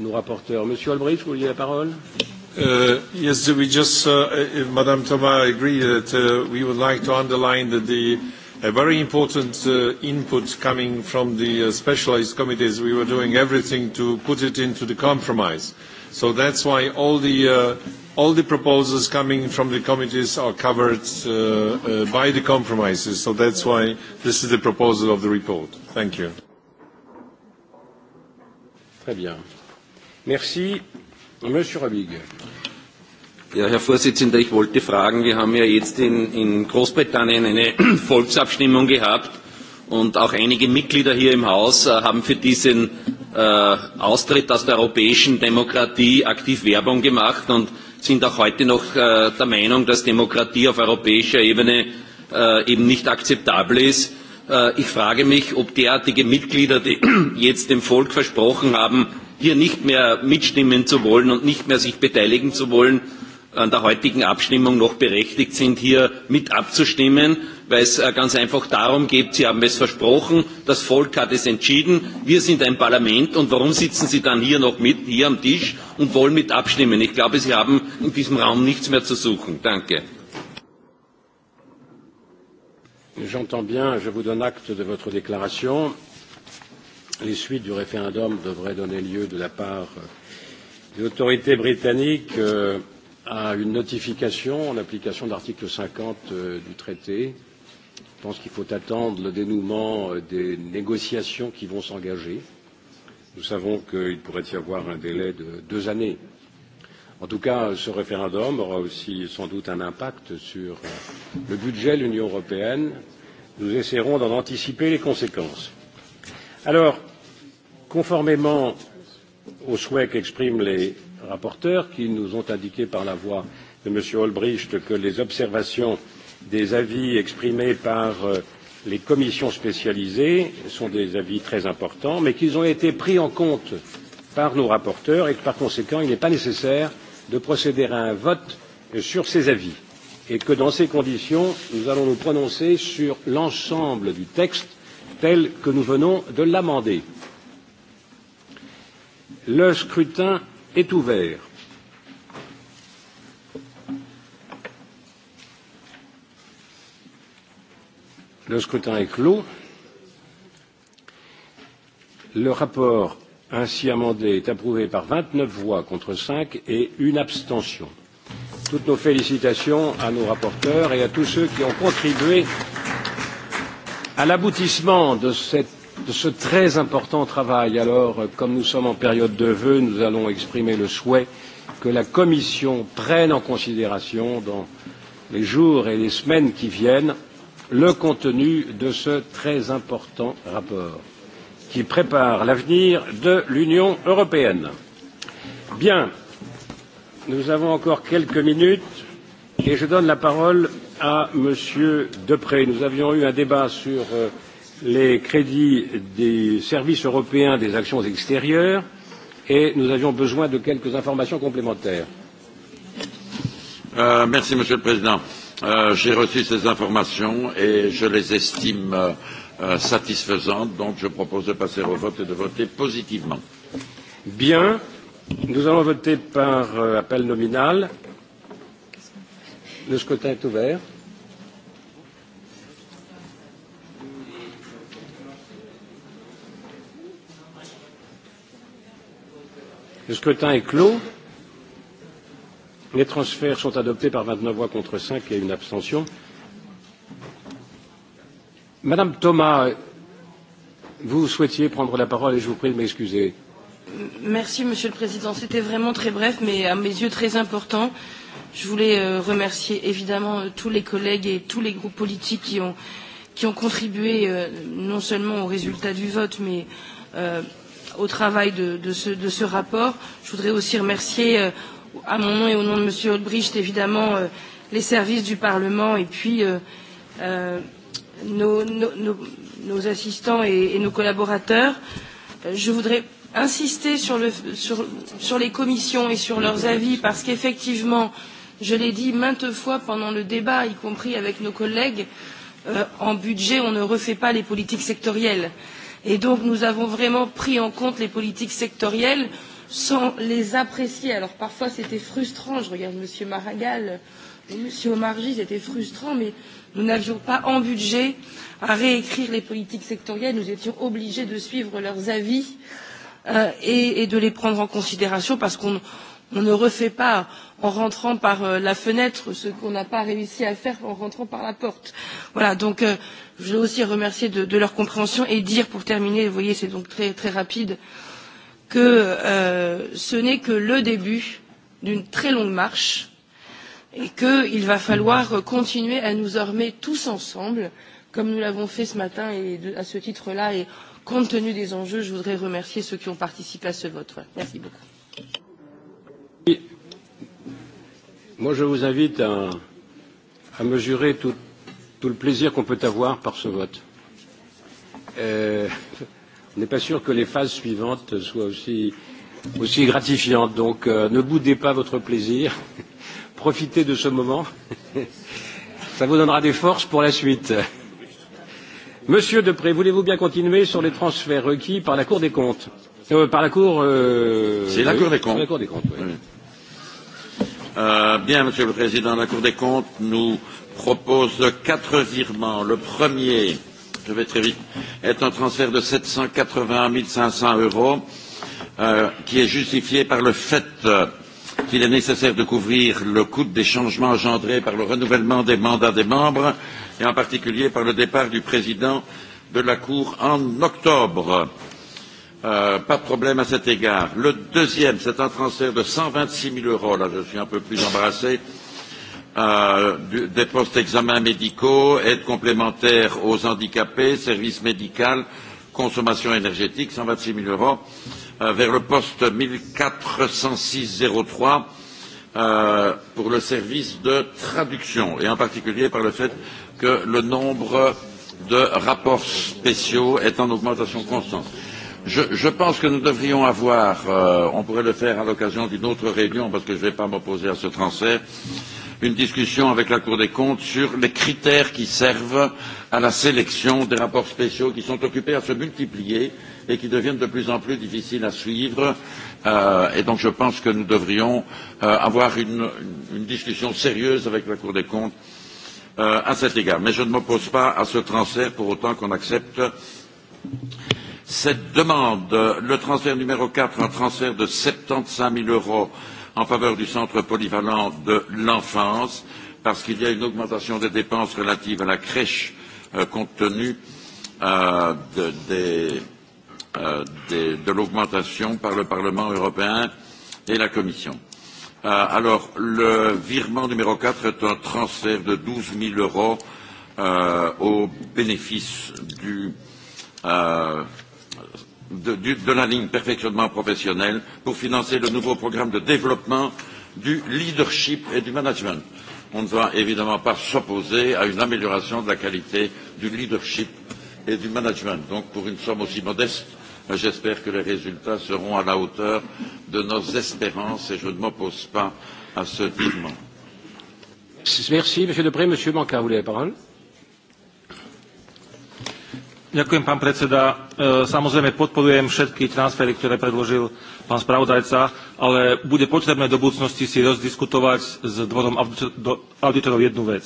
nos rapporteurs. Monsieur Albrecht, vous vouliez la parole Uh, yes, we just, uh, uh, if Madame Thomas, agree that uh, we would like to underline that the a very important uh, input coming from the uh, specialized committees, we were doing everything to put it into the compromise. Uh, So that's why all the, uh, all the proposals coming from the committees are covered uh, uh, by the compromises. So that's why this is the proposal of the report. Thank you. Très bien. Merci. Monsieur Rabig. Ja, Herr Vorsitzender, ich wollte fragen, wir haben ja jetzt in, in Großbritannien eine Volksabstimmung gehabt und auch einige Mitglieder hier im Haus äh, haben für diesen äh, Austritt aus der europäischen Demokratie aktiv Werbung gemacht und sind auch heute noch äh, der Meinung, dass Demokratie auf europäischer Ebene eben nicht akzeptabel ist. Ich frage mich, ob derartige Mitglieder, die jetzt dem Volk versprochen haben, hier nicht mehr mitstimmen zu wollen und nicht mehr sich beteiligen zu wollen, an der heutigen Abstimmung noch berechtigt sind, hier mit abzustimmen weil es äh, ganz einfach darum geht, Sie haben es versprochen, das Volk hat es entschieden, wir sind ein Parlament und warum sitzen Sie dann hier noch mit, hier am Tisch und wollen mit abstimmen? Ich glaube, Sie haben in diesem Raum nichts mehr zu suchen. Danke. J'entends bien, je vous donne acte de votre déclaration. Les suites du référendum devraient donner lieu de la part des autorités britanniques euh, à une notification en application de l'article 50 euh, du traité euh, pense qu'il faut attendre le dénouement euh, des négociations qui vont s'engager. Nous savons qu'il pourrait y avoir un délai de deux années. En tout cas, ce référendum aura aussi sans doute un impact sur euh, le budget de l'Union européenne. Nous essaierons d'en anticiper les conséquences. Alors, conformément aux souhaits qu'expriment les rapporteurs, qui nous ont indiqué par la voix de M. Olbricht que les observations des avis exprimés par euh, les commissions spécialisées sont des avis très importants, mais qu'ils ont été pris en compte par nos rapporteurs et que par conséquent, il n'est pas nécessaire de procéder à un vote sur ces avis et que dans ces conditions, nous allons nous prononcer sur l'ensemble du texte tel que nous venons de l'amender. Le scrutin est ouvert. Le scrutin est clos. Le rapport ainsi amendé est approuvé par 29 voix contre 5 et une abstention. Toutes nos félicitations à nos rapporteurs et à tous ceux qui ont contribué à l'aboutissement de, de ce très important travail. Alors, comme nous sommes en période de vœux, nous allons exprimer le souhait que la Commission prenne en considération dans les jours et les semaines qui viennent le contenu de ce très important rapport qui prépare l'avenir de l'Union européenne. Bien, nous avons encore quelques minutes et je donne la parole à m. Deprez. Nous avions eu un débat sur euh, les crédits des services européens des actions extérieures et nous avions besoin de quelques informations complémentaires. Euh, merci, Monsieur le Président. Euh, j'ai reçu ces informations et je les estime euh, satisfaisantes, donc je propose de passer au vote et de voter positivement. Bien, nous allons voter par euh, appel nominal. Le scrutin est ouvert. Le scrutin est clos. Les transferts sont adoptés par 29 voix contre 5 et une abstention. Madame Thomas, vous souhaitiez prendre la parole et je vous prie de m'excuser. Merci, Monsieur le Président. C'était vraiment très bref, mais à mes yeux très important. Je voulais euh, remercier évidemment euh, tous les collègues et tous les groupes politiques qui ont, qui ont contribué euh, non seulement au résultat du vote, mais euh, au travail de, de, ce, de ce rapport. Je voudrais aussi remercier euh, à mon nom et au nom de Monsieur Odbricht, évidemment, euh, les services du Parlement et puis euh, euh, nos, nos, nos, nos assistants et, et nos collaborateurs. Euh, je voudrais insister sur, le, sur, sur les commissions et sur leurs avis parce qu'effectivement, je l'ai dit maintes fois pendant le débat, y compris avec nos collègues, euh, en budget, on ne refait pas les politiques sectorielles. Et donc, nous avons vraiment pris en compte les politiques sectorielles. Euh, sans les apprécier. Alors parfois c'était frustrant, je regarde M. Maragall et M. Omarji, c'était frustrant, mais nous n'avions pas en budget à réécrire les politiques sectorielles, nous étions obligés de suivre leurs avis euh, et, et de les prendre en considération parce qu'on on ne refait pas en rentrant par euh, la fenêtre ce qu'on n'a pas réussi à faire en rentrant par la porte. Voilà, donc euh, je veux aussi remercier de, de leur compréhension et dire pour terminer, vous voyez c'est donc très, très rapide, euh, que euh, ce n'est que le début d'une très longue marche et qu'il va falloir continuer à nous armer tous ensemble comme nous l'avons fait ce matin et de, à ce titre là et compte tenu des enjeux je voudrais remercier ceux qui ont participé à ce vote. merci beaucoup. Oui. Moi, je vous invite à, à mesurer tout, tout le plaisir qu'on peut avoir par ce vote. Euh, on n'est pas sûr que les phases suivantes soient aussi, aussi gratifiantes. Donc euh, ne boudez pas votre plaisir. Profitez de ce moment. Ça vous donnera des forces pour la suite. Monsieur Depré, voulez-vous bien continuer sur les transferts requis par la Cour des comptes euh, Par la Cour. Euh, C'est la, oui, Cour La Cour des comptes. Oui. Oui. Euh, bien, Monsieur le Président, la Cour des comptes nous propose quatre virements. Le premier, je vais très vite, est un transfert de 781 500 euros euh, qui est justifié par le fait euh, qu'il est nécessaire de couvrir le coût des changements engendrés par le renouvellement des mandats des membres et en particulier par le départ du président de la Cour en octobre. Euh, pas de problème à cet égard. Le deuxième, c'est un transfert de 126 000 euros. Là, je suis un peu plus embarrassé. Euh, euh, des postes d'examen médicaux, aide complémentaire aux handicapés, services médicaux, consommation énergétique, 126 000 euros, euh, vers le poste 14603 euh, pour le service de traduction, et en particulier par le fait que le nombre de rapports spéciaux est en augmentation constante. Je, je pense que nous devrions avoir, euh, on pourrait le faire à l'occasion d'une autre réunion, parce que je ne vais pas m'opposer à ce transfert, euh, une discussion avec la Cour des comptes sur les critères qui servent à la sélection des rapports spéciaux qui sont occupés à se multiplier et qui deviennent de plus en plus difficiles à suivre. Euh, et donc je pense que nous devrions euh, avoir une, une discussion sérieuse avec la Cour des comptes euh, à cet égard. Mais je ne m'oppose pas à ce transfert pour autant qu'on accepte cette demande. Le transfert numéro 4, un transfert de 75 000 euros en faveur du centre polyvalent de l'enfance, parce qu'il y a une augmentation des dépenses relatives à la crèche euh, compte tenu euh, de, des, euh, des, de l'augmentation par le Parlement européen et la Commission. Euh, alors, le virement numéro 4 est un transfert de 12 000 euros euh, au bénéfice du euh, de, du, de la ligne perfectionnement professionnel pour financer le nouveau programme de développement du leadership et du management. On ne doit évidemment pas s'opposer à une amélioration de la qualité du leadership et du management. Donc pour une somme aussi modeste, j'espère que les résultats seront à la hauteur de nos espérances et je ne m'oppose pas à ce virement. Merci Monsieur Depré. Monsieur Manca, vous avez la parole. Ďakujem, pán predseda. E, samozrejme podporujem všetky transfery, ktoré predložil pán spravodajca, ale bude potrebné do budúcnosti si rozdiskutovať s dvorom auditorov jednu vec.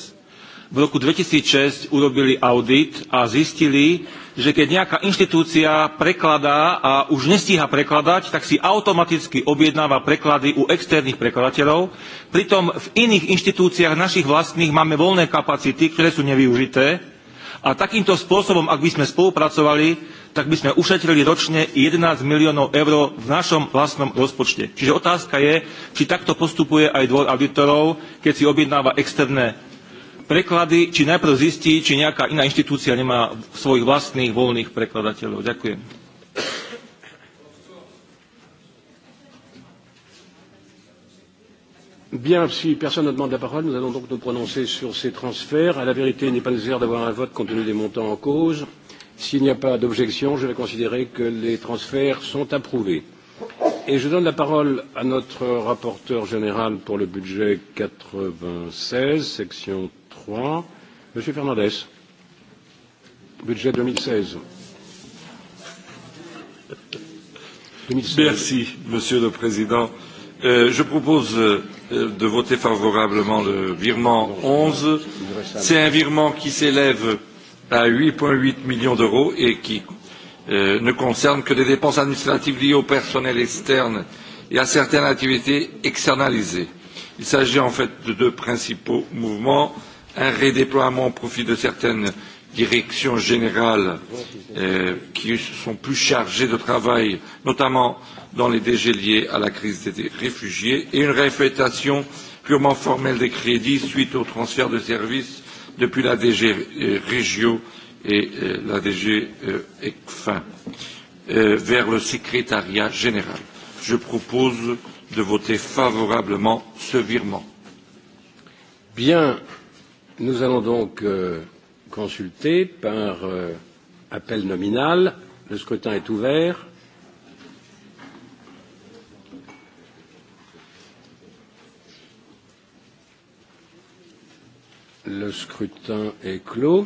V roku 2006 urobili audit a zistili, že keď nejaká inštitúcia prekladá a už nestíha prekladať, tak si automaticky objednáva preklady u externých prekladateľov. Pritom v iných inštitúciách našich vlastných máme voľné kapacity, ktoré sú nevyužité A takýmto spôsobom, ak by sme spolupracovali, tak by sme ušetrili ročne 11 miliónov eur v našom vlastnom rozpočte. Čiže otázka je, či takto postupuje aj dvor auditorov, keď si objednáva externé preklady, či najprv zistí, či nejaká iná inštitúcia nemá svojich vlastných voľných prekladateľov. Ďakujem. Bien, si personne ne demande la parole, nous allons donc nous prononcer sur ces transferts. À la vérité, il n'est pas nécessaire d'avoir un vote compte tenu des montants en cause. S'il n'y a pas d'objection, je vais considérer que les transferts sont approuvés. Et je donne la parole à notre rapporteur général pour le budget 96, section 3, Monsieur Fernandez. Budget 2016. 2016. Merci, Monsieur le Président. Euh, je propose euh, de voter favorablement le virement 11. C'est un virement qui s'élève à 8,8 millions d'euros et qui euh, ne concerne que des dépenses administratives liées au personnel externe et à certaines activités externalisées. Il s'agit en fait de deux principaux mouvements un redéploiement au profit de certaines directions générales euh, qui sont plus chargées de travail, notamment euh, dans les dégâts liés à la crise des réfugiés et une réaffectation purement formelle des crédits suite au transfert de services depuis la DG euh, Régio et euh, la DG euh, ECFIN vers le secrétariat général. Je propose de voter favorablement ce virement. Bien, nous allons donc euh, consulter par euh, appel nominal. Le scrutin est ouvert. Le scrutin est clos.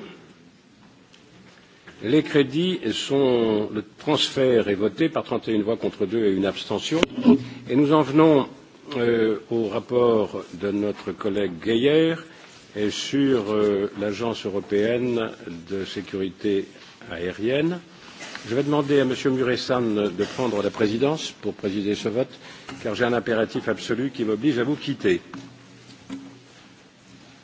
Les crédits sont le transfert est voté par 31 voix contre 2 et une abstention. Et nous en venons euh, au rapport de notre collègue Geyer et sur euh, l'Agence européenne de sécurité aérienne. Je vais demander à M. Muresan de prendre la présidence pour présider ce vote, car j'ai un impératif absolu qui m'oblige à vous quitter.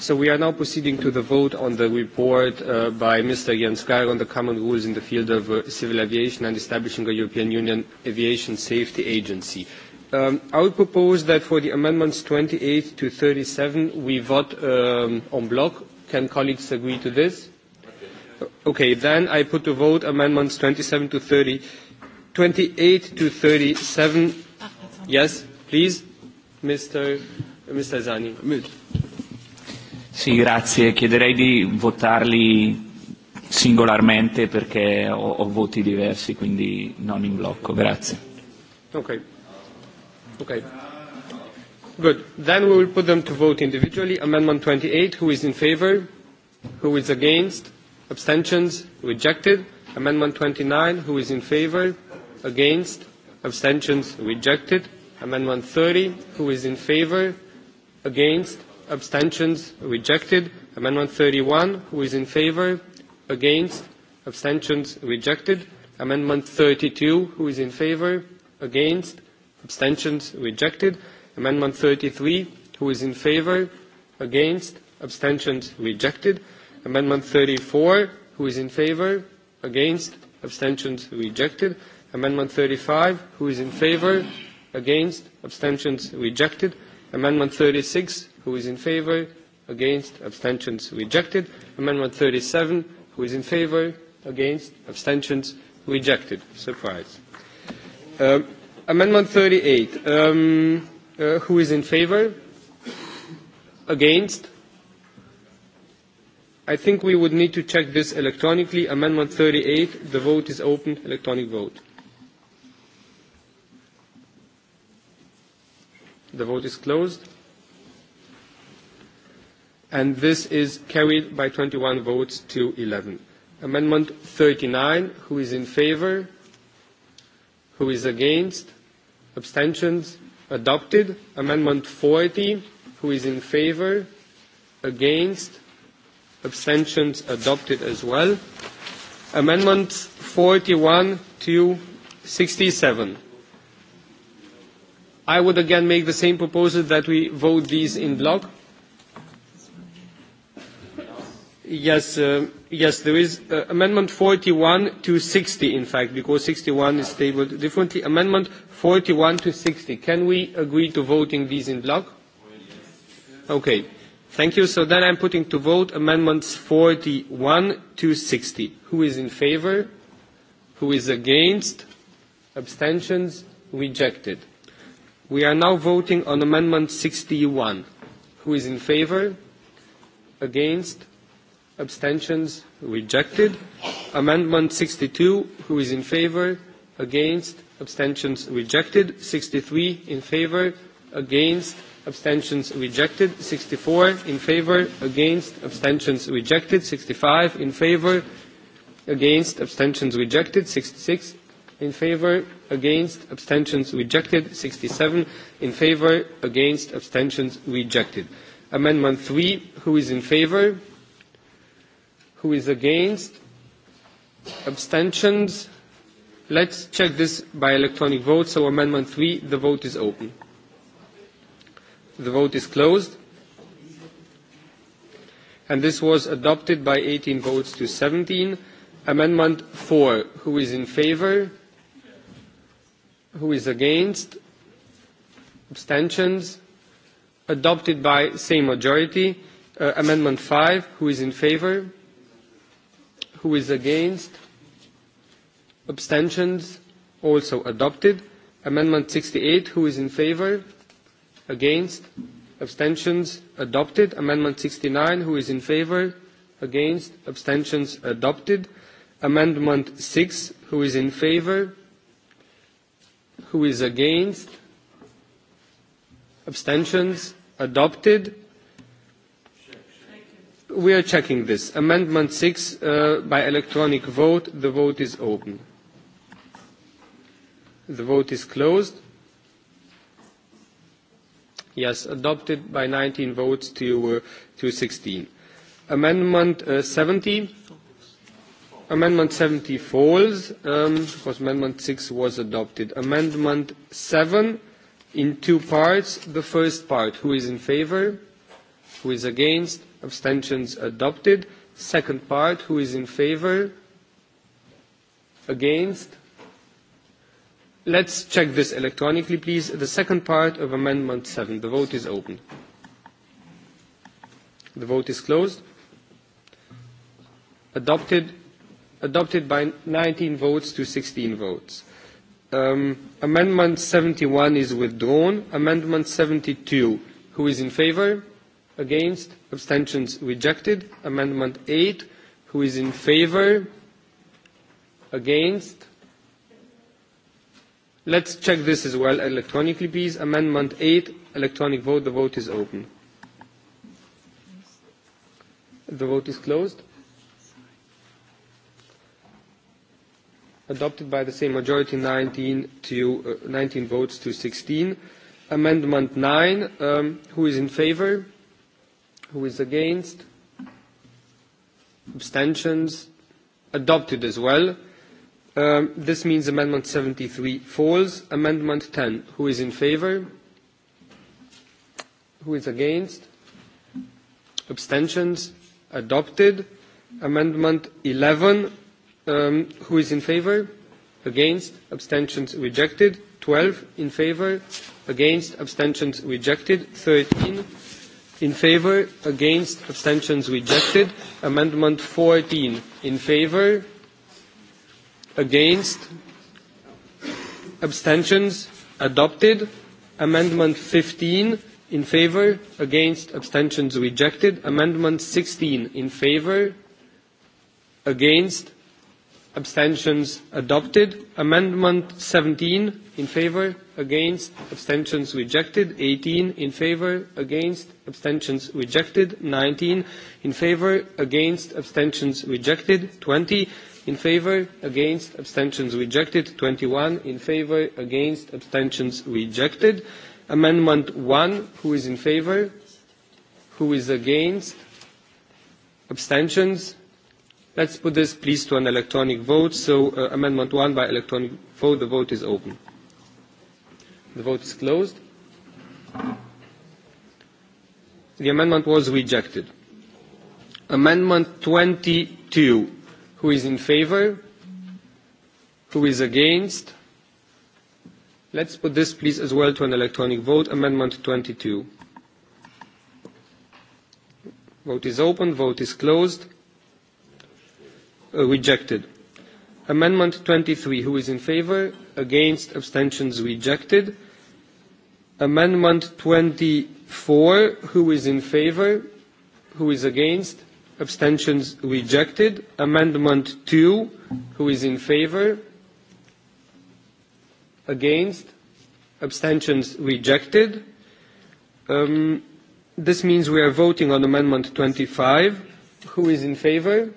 So we are now proceeding to the vote on the report uh, by Mr. Jens Geier on the common rules in the field of uh, civil aviation and establishing a European Union Aviation Safety Agency. Um, I would propose that for the amendments 28 to 37, we vote um, en bloc. Can colleagues agree to this? Okay, then I put to vote amendments 27 to 30, 28 to 37. Yes, please, Mr. Mr. Zani. Sì, grazie. Chiederei di votarli singolarmente perché ho, ho voti diversi, quindi non in blocco. Grazie. Ok. Ok. Good. Then we will put them to vote individually. Amendment 28, who is in favor? Who is against? Abstentions? Rejected. Amendment 29, who is in favor? Against? Abstentions? Rejected. Amendment 30, who is in favor? Against? abstentions rejected amendment 31 who is in favor against abstentions rejected amendment 32 who is in favor against abstentions rejected amendment 33 who is in favor against abstentions rejected amendment 34 who is in favor against abstentions rejected amendment 35 who is in favor against abstentions rejected Amendment 36, who is in favor? Against, abstentions rejected. Amendment 37, who is in favor? Against, abstentions rejected. Surprise. Um, amendment 38, um, uh, who is in favor? Against, I think we would need to check this electronically. Amendment 38, the vote is open, electronic vote. The vote is closed. And this is carried by 21 votes to 11. Amendment 39, who is in favor? Who is against? Abstentions? Adopted. Amendment 40, who is in favor? Against? Abstentions? Adopted as well. Amendments 41 to 67 I would again make the same proposal that we vote these in block. Yes, uh, yes, there is uh, amendment 41 to 60, in fact, because 61 is tabled differently. Amendment 41 to 60. Can we agree to voting these in block? Okay. Thank you. So then I'm putting to vote amendments 41 to 60. Who is in favor? Who is against? Abstentions? Rejected. We are now voting on Amendment 61. Who is in favor? Against? Abstentions? Rejected. Amendment 62. Who is in favor? Against? Abstentions? Rejected. 63. In favor? Against? Abstentions? Rejected. 64. In favor? Against? Abstentions? Rejected. 65. In favor? Against? Abstentions? Rejected. 66 in favor against abstentions rejected 67 in favor against abstentions rejected amendment three, who is in favor who is against abstentions let's check this by electronic vote so amendment three, the vote is open the vote is closed and this was adopted by 18 votes to 17 amendment 4 who is in favor Who is against? Abstentions? Adopted by same majority. Uh, amendment 5. Who is in favor? Who is against? Abstentions? Also adopted. Amendment 68. Who is in favor? Against? Abstentions? Adopted. Amendment 69. Who is in favor? Against? Abstentions? Adopted. Amendment 6. Who is in favor? Who is against? Abstentions? Adopted? We are checking this. Amendment 6 uh, by electronic vote. The vote is open. The vote is closed. Yes, adopted by 19 votes to, uh, to 16. Amendment uh, 70 Amendment 70 falls um, because Amendment 6 was adopted. Amendment 7 in two parts. The first part, who is in favor? Who is against? Abstentions adopted. Second part, who is in favor? Against? Let's check this electronically, please. The second part of Amendment 7. The vote is open. The vote is closed. Adopted adopted by 19 votes to 16 votes. Um, amendment 71 is withdrawn. Amendment 72, who is in favor? Against? Abstentions rejected. Amendment 8, who is in favor? Against? Let's check this as well electronically, please. Amendment 8, electronic vote. The vote is open. The vote is closed. adopted by the same majority, 19, to, uh, 19 votes to 16. Amendment 9, um, who is in favor? Who is against? Abstentions? Adopted as well. Um, this means Amendment 73 falls. Amendment 10, who is in favor? Who is against? Abstentions? Adopted. Amendment 11, Um, who is in favour Against? Abstentions rejected. twelve in favour Against? Abstentions rejected. thirteen in favour Against? Abstentions rejected. Amendment fourteen in favour Against? Abstentions adopted. Amendment fifteen in favour Against? Abstentions rejected. Amendment sixteen in favour Against? abstentions adopted. Amendment 17 in favor, against, abstentions rejected. 18 in favor, against, abstentions rejected. 19 in favor, against, abstentions rejected. 20 in favor, against, abstentions rejected. 21 in favor, against, abstentions rejected. Amendment 1, who is in favor? Who is against? Abstentions? Let's put this, please, to an electronic vote. So uh, amendment one by electronic vote. The vote is open. The vote is closed. The amendment was rejected. Amendment 22. Who is in favor? Who is against? Let's put this, please, as well to an electronic vote. Amendment 22. Vote is open. Vote is closed. Uh, rejected. Amendment 23, who is in favor? Against, abstentions rejected. Amendment 24, who is in favor? Who is against? Abstentions rejected. Amendment 2, who is in favor? Against? Abstentions rejected. Um, this means we are voting on Amendment 25. Who is in favor?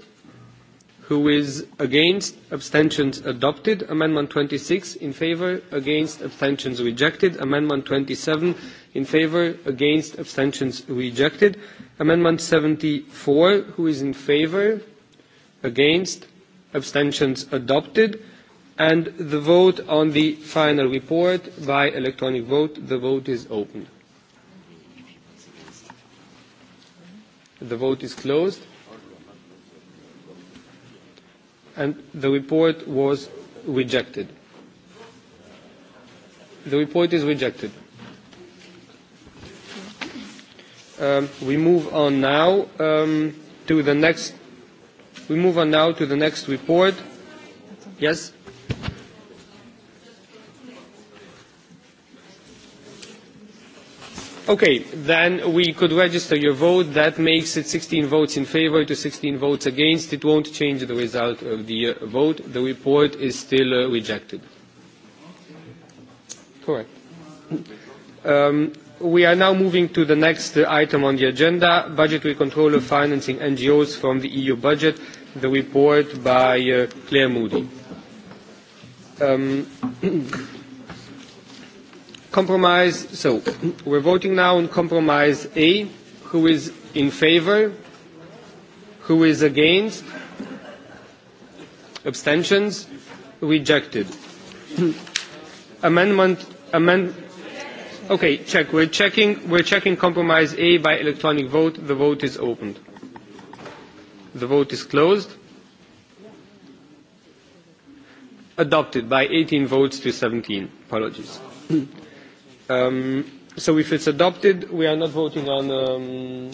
Who is against? Abstentions adopted. Amendment 26 in favor. Against? Abstentions rejected. Amendment 27 in favor. Against? Abstentions rejected. Amendment 74. Who is in favor? Against? Abstentions adopted. And the vote on the final report by electronic vote. The vote is open. The vote is closed and the report was rejected. The report is rejected. Um, we move on now um, to the next. We move on now to the next report. Yes. Okay, then we could register your vote. That makes it 16 votes in favor to 16 votes against. It won't change the result of the uh, vote. The report is still uh, rejected. Correct. Um, we are now moving to the next uh, item on the agenda, budgetary control of financing NGOs from the EU budget, the report by uh, Claire Moody. Um, Compromise, so we're voting now on compromise A. Who is in favor? Who is against? Abstentions? Rejected. Amendment, amend, okay, check. We're checking, we're checking compromise A by electronic vote. The vote is opened. The vote is closed. Adopted by 18 votes to 17. Apologies. Um, so if it's adopted, we are not voting on um,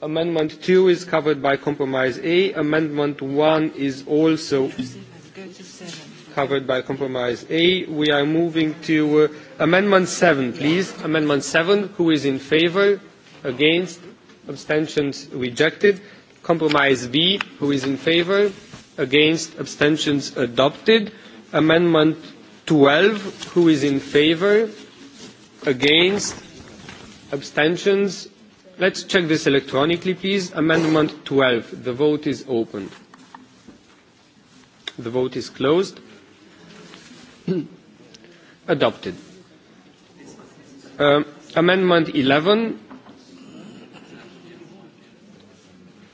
Amendment 2 is covered by Compromise A. Amendment 1 is also covered by Compromise A. We are moving to uh, Amendment 7, please. Yeah. Amendment 7, who is in favor? Against? Abstentions rejected. Compromise B, who is in favor? Against? Abstentions adopted. Amendment 12. Who is in favor? Against? Abstentions? Let's check this electronically, please. Amendment 12. The vote is open. The vote is closed. Adopted. Uh, amendment 11.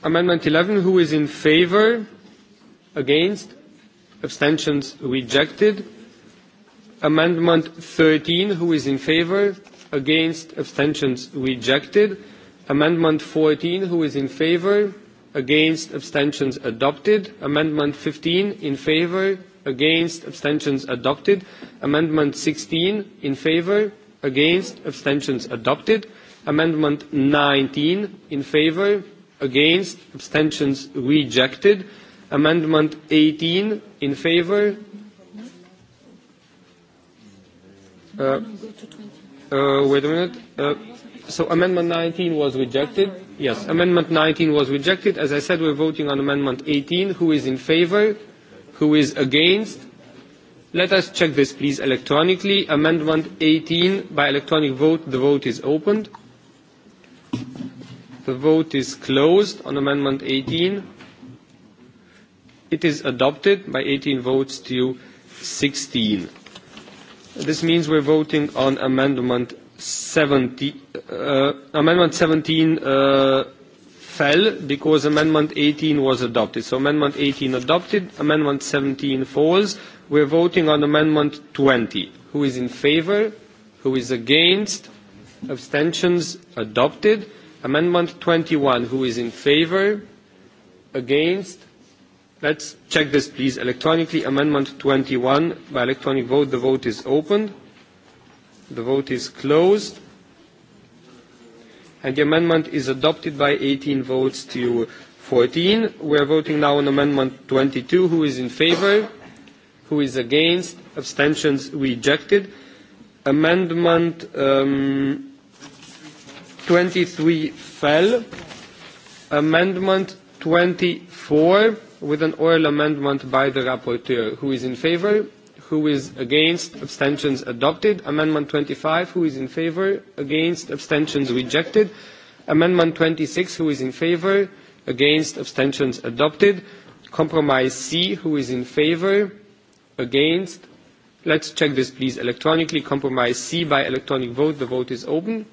Amendment 11. Who is in favor? Against? Abstentions? Rejected. Amendment 13, who is in favor? Against, abstentions rejected. Amendment 14, who is in favor? Against, abstentions adopted. Amendment 15, in favor? Against, abstentions adopted. Amendment 16, in favor? Against, abstentions adopted. Amendment 19, in favor? Against, abstentions rejected. Amendment 18, in favor? Uh, uh, wait a minute. Uh, so amendment 19 was rejected. Yes, amendment 19 was rejected. As I said, we're voting on amendment 18. Who is in favor? Who is against? Let us check this, please, electronically. Amendment 18 by electronic vote. The vote is opened. The vote is closed on amendment 18. It is adopted by 18 votes to 16. This means we're voting on amendment 70. Uh, amendment 17 uh, fell because amendment 18 was adopted. So amendment 18 adopted, amendment 17 falls. We're voting on amendment 20. Who is in favor? Who is against? Abstentions adopted. Amendment 21. Who is in favor? Against? Let's check this, please. Electronically, Amendment 21 by electronic vote. The vote is opened. The vote is closed. And the amendment is adopted by 18 votes to 14. We are voting now on Amendment 22. Who is in favor? Who is against? Abstentions rejected. Amendment um, 23 fell. Amendment 24 with an oral amendment by the rapporteur. Who is in favour, Who is against? Abstentions adopted. Amendment 25. Who is in favour, Against? Abstentions rejected. Amendment 26. Who is in favour, Against? Abstentions adopted. Compromise C. Who is in favour, Against? Let's check this, please, electronically. Compromise C by electronic vote. The vote is open.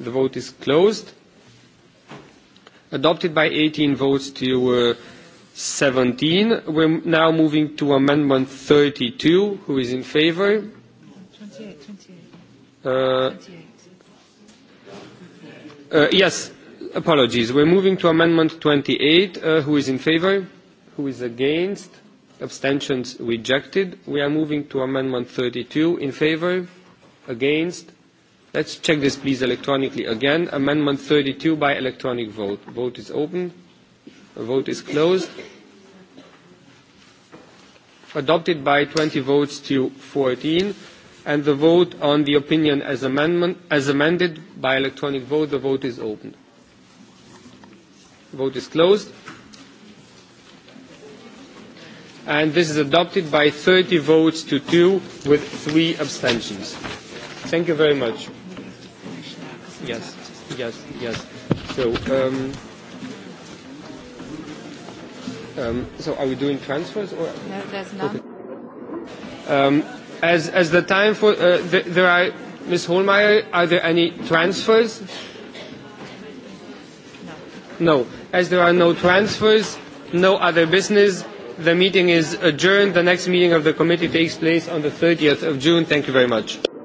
The vote is closed. Adopted by 18 votes to uh, 17. We're now moving to amendment 32. Who is in favour? 28. 28. Uh, 28. Uh, yes, apologies. We're moving to amendment 28. Uh, who is in favour? Who is against? Abstentions rejected. We are moving to amendment 32. In favour, Against? Let's check this, please, electronically again. Amendment 32 by electronic vote. Vote is open. Vote is closed. Adopted by 20 votes to 14. And the vote on the opinion as, amendment, as amended by electronic vote, the vote is open. Vote is closed. And this is adopted by 30 votes to 2 with 3 abstentions. Thank you very much. Yes, yes, yes. So, um, Um, so are we doing transfers or? No, there's none. Okay. Um, as, as the time for, uh, th there are, Ms. Holmeyer, are there any transfers? No. No. As there are no transfers, no other business, the meeting is adjourned. The next meeting of the committee takes place on the 30th of June. Thank you very much.